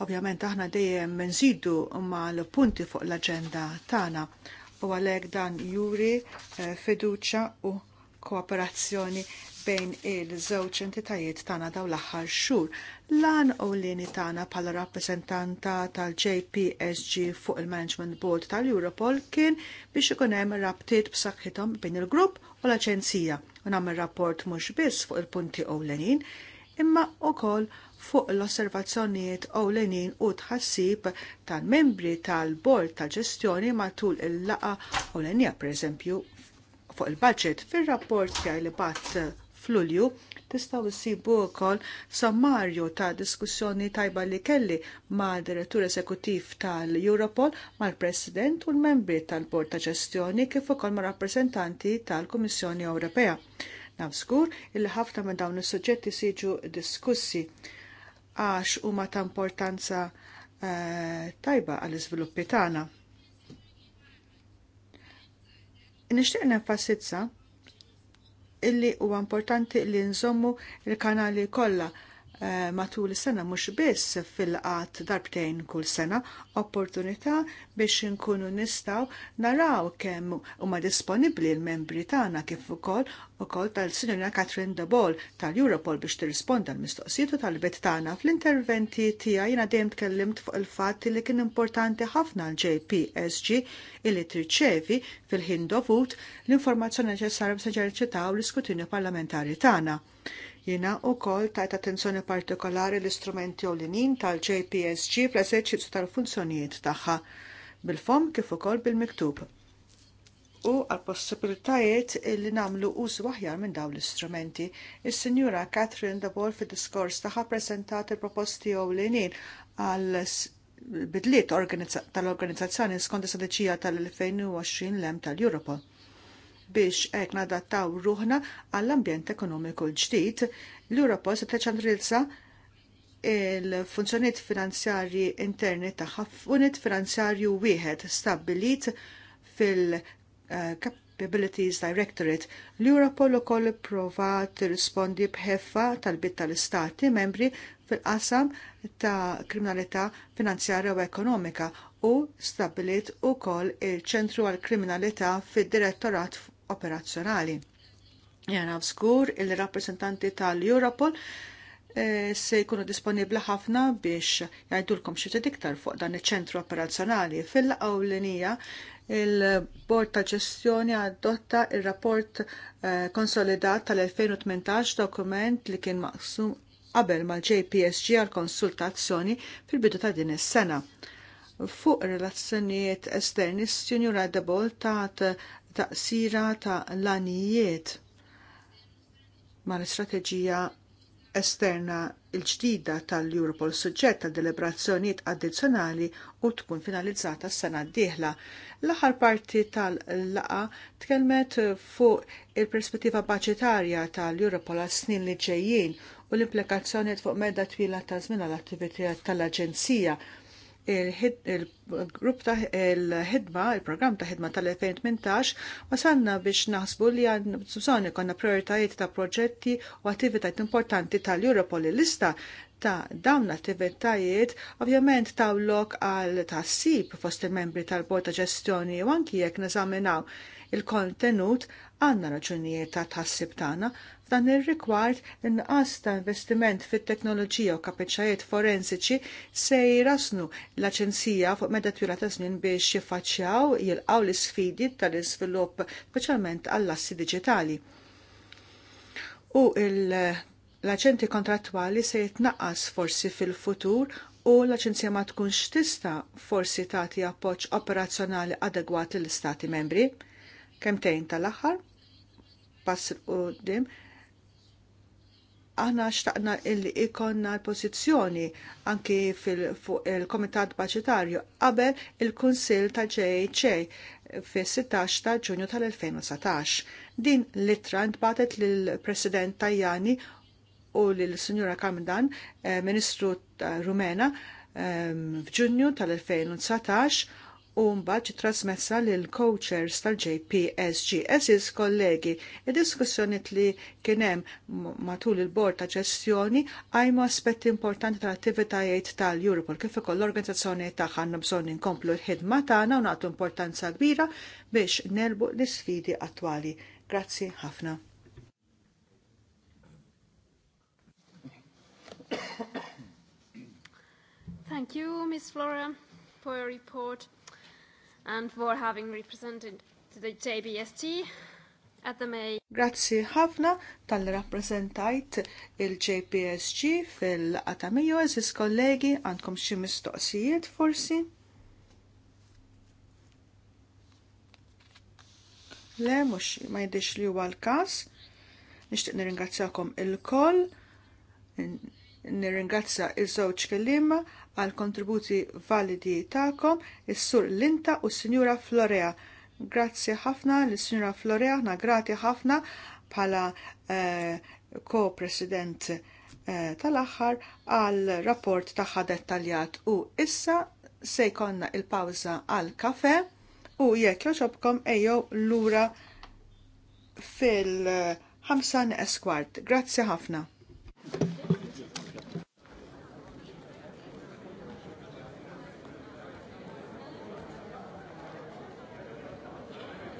Ovvjament aħna dejjem nżidu mal-punti fuq l-aġenda tagħna u għalhekk dan juri eh, fiduċja u kooperazzjoni bejn il-żewġ entitajiet tagħna daw l-aħħar xhur. Lan u lini tagħna bħala rappreżentanta tal-JPSG fuq il-Management Board tal-Europol kien biex ikun hemm rabtiet b'saħħithom bejn il-grupp u l-aġenzija u nagħmel rapport mhux biss fuq il-punti ewlenin imma wkoll fuq l-osservazzjonijiet ewlenin u tħassib tal-membri tal-bord tal-ġestjoni matul il laqgħa ewlenija pereżempju fuq il-budget fir rapport tiegħi li bat f'Lulju tistgħu issibu wkoll sammarju ta' diskussjoni tajba li kelli ma' direttur eżekuttiv tal-Europol, mal-President u l-membri tal-Bord ta' Ġestjoni kif ukoll ma' rappreżentanti tal-Kummissjoni Ewropea. Naf skur illi ħafna ma' dawn is-suġġetti siġu diskussi għax huma ta' importanza eh, tajba għall-iżviluppi tagħna. Nixtieq nenfasizza illi huwa importanti li nżommu il-kanali kollha Eh, matul is-sena mhux biss fil-qatt darbtejn kull sena, opportunità biex inkunu nistgħu naraw kemm huma disponibbli l-membri tagħna kif ukoll ukoll tal sinjorina Catherine de Ball tal-Europol biex tirrisponda l-mistoqsijiet u tal bit tagħna fl-interventi tiegħi jiena dejjem tkellimt fuq il-fatt li kien importanti ħafna l-JPSG illi tirċevi fil-ħin dovut l-informazzjoni neċessarja biex l-iskrutinju parlamentari tagħna Jina u koll tajt attenzjoni partikolari l-istrumenti u l-inin tal-JPSG fl-eżerċizzju tal-funzjonijiet tagħha bil-fom kif ukoll bil-miktub. U għal possibilitajiet li namlu użu aħjar minn dawn l-istrumenti, is-Sinjura Catherine Dabol fid-diskors tagħha preżentat il-proposti u l-inin għal bidliet tal-organizzazzjoni skont is-strateġija tal-2020 l tal-Europol biex hekk nadattaw ruħna għall-ambjent ekonomiku l-ġdid. L-Europa se teċandrilza il-funzjoniet finanzjarji interni tagħha f'unit finanzjarju wieħed stabbilit fil-Capabilities Directorate. L-Europol ukoll prova tirrispondi bħeffa tal-bit tal-istati membri fil-qasam ta' kriminalità finanzjarja u ekonomika u stabilit u kol il-ċentru għal kriminalità fil-direttorat operazzjonali. Jena fskur il-rappresentanti tal-Europol eh, se jkunu disponibli ħafna biex jgħidulkom xi iktar fuq dan il ċentru operazzjonali fil għawlinija il-Bord ta' ġestjoni adotta il-rapport eh, konsolidat tal-2018 dokument li kien maqsum qabel mal-JPSG għal konsultazzjoni fil-bidu ta' din is-sena. Fuq relazzjonijiet esterni, Sinjura Debol ta' taqsira ta' lanijiet mal-istrateġija esterna il-ġdida tal-Europol suġġett ta' deliberazzjonijiet addizzjonali u tkun finalizzata s-sena d-dieħla. L-aħħar parti tal-laqa tkellmet fuq il-perspettiva baċetarja tal-Europol għas snin li ġejjin u l-implikazzjonijiet fuq medda twila ta' żmien għall-attività tal-Aġenzija il-grupp ta' il-ħidma, il-programm ta' ħidma tal-2018, wasanna biex naħsbu li għan bżon ikonna prioritajiet ta' proġetti u attivitajiet importanti tal-Europol il-lista ta' dawn l-attivitajiet ovvjament tawlok għal sib fost il-membri tal-Bord ta' Ġestjoni u anki jekk neżaminaw il-kontenut għanna raġunijiet ta' tassib tagħna Dan ir-rigward inqas ta' investiment fit-teknoloġija u kapaċajiet forensiċi se jirasnu l-Aġenzija fuq meta twila ta' żmien biex jiffaċċjaw jilqgħu l-isfidi tal-iżvilupp speċjalment għall-assi diġitali. U l aċenti kontrattwali se jitnaqqas forsi fil-futur u l aċenzija ma tkunx tista forsi tagħti appoġġ operazzjonali adegwat l istati membri. Kemtejn tal-aħħar pass il qudiem aħna xtaqna illi ikonna l-pozizjoni anki fuq il-Komitat Baċitarju qabel il-Kunsil ta' JHA fi 16 ta' ġunju tal-2017. Din litra ntbatet lill-President Tajani u lill signora Kamdan, eh, Ministru Rumena, eh, f'Ġunju tal-2019 u mbagħad trasmessa lil coachers tal jpsgs Eżis kollegi, id diskussjoni li kien hemm matul il-bord ta' ġestjoni għajmu aspetti importanti tal-attivitajiet tal-Europol kif ukoll l-organizzazzjoni tagħha għandna bżonn inkomplu l-ħidma tagħna u nagħtu importanza kbira biex nelbu l-isfidi attwali. Grazzi ħafna. Thank you, Ms. Flora, for your report and for having represented the JBST at the May. Grazzi ħafna tal-rappresentajt il-JPSG fil-Atamiju, eżis kollegi, għandkom xi mistoqsijiet forsi? Le, mux ma jidix li huwa l-kas. Nishtiq nirringrazzjakom il-koll, nirringrazzja il-żewġ kelima għal kontributi validi ta'kom, is-sur Linta u s-Sinjura Florea. Grazzi ħafna l-Sinjura Florea, na grati ħafna bħala eh, ko-president eh, tal axar għal rapport taħħa dettaljat u issa se il-pawza għal kafe u jekk joġobkom ejjew lura fil-ħamsan esquart. Grazzi ħafna.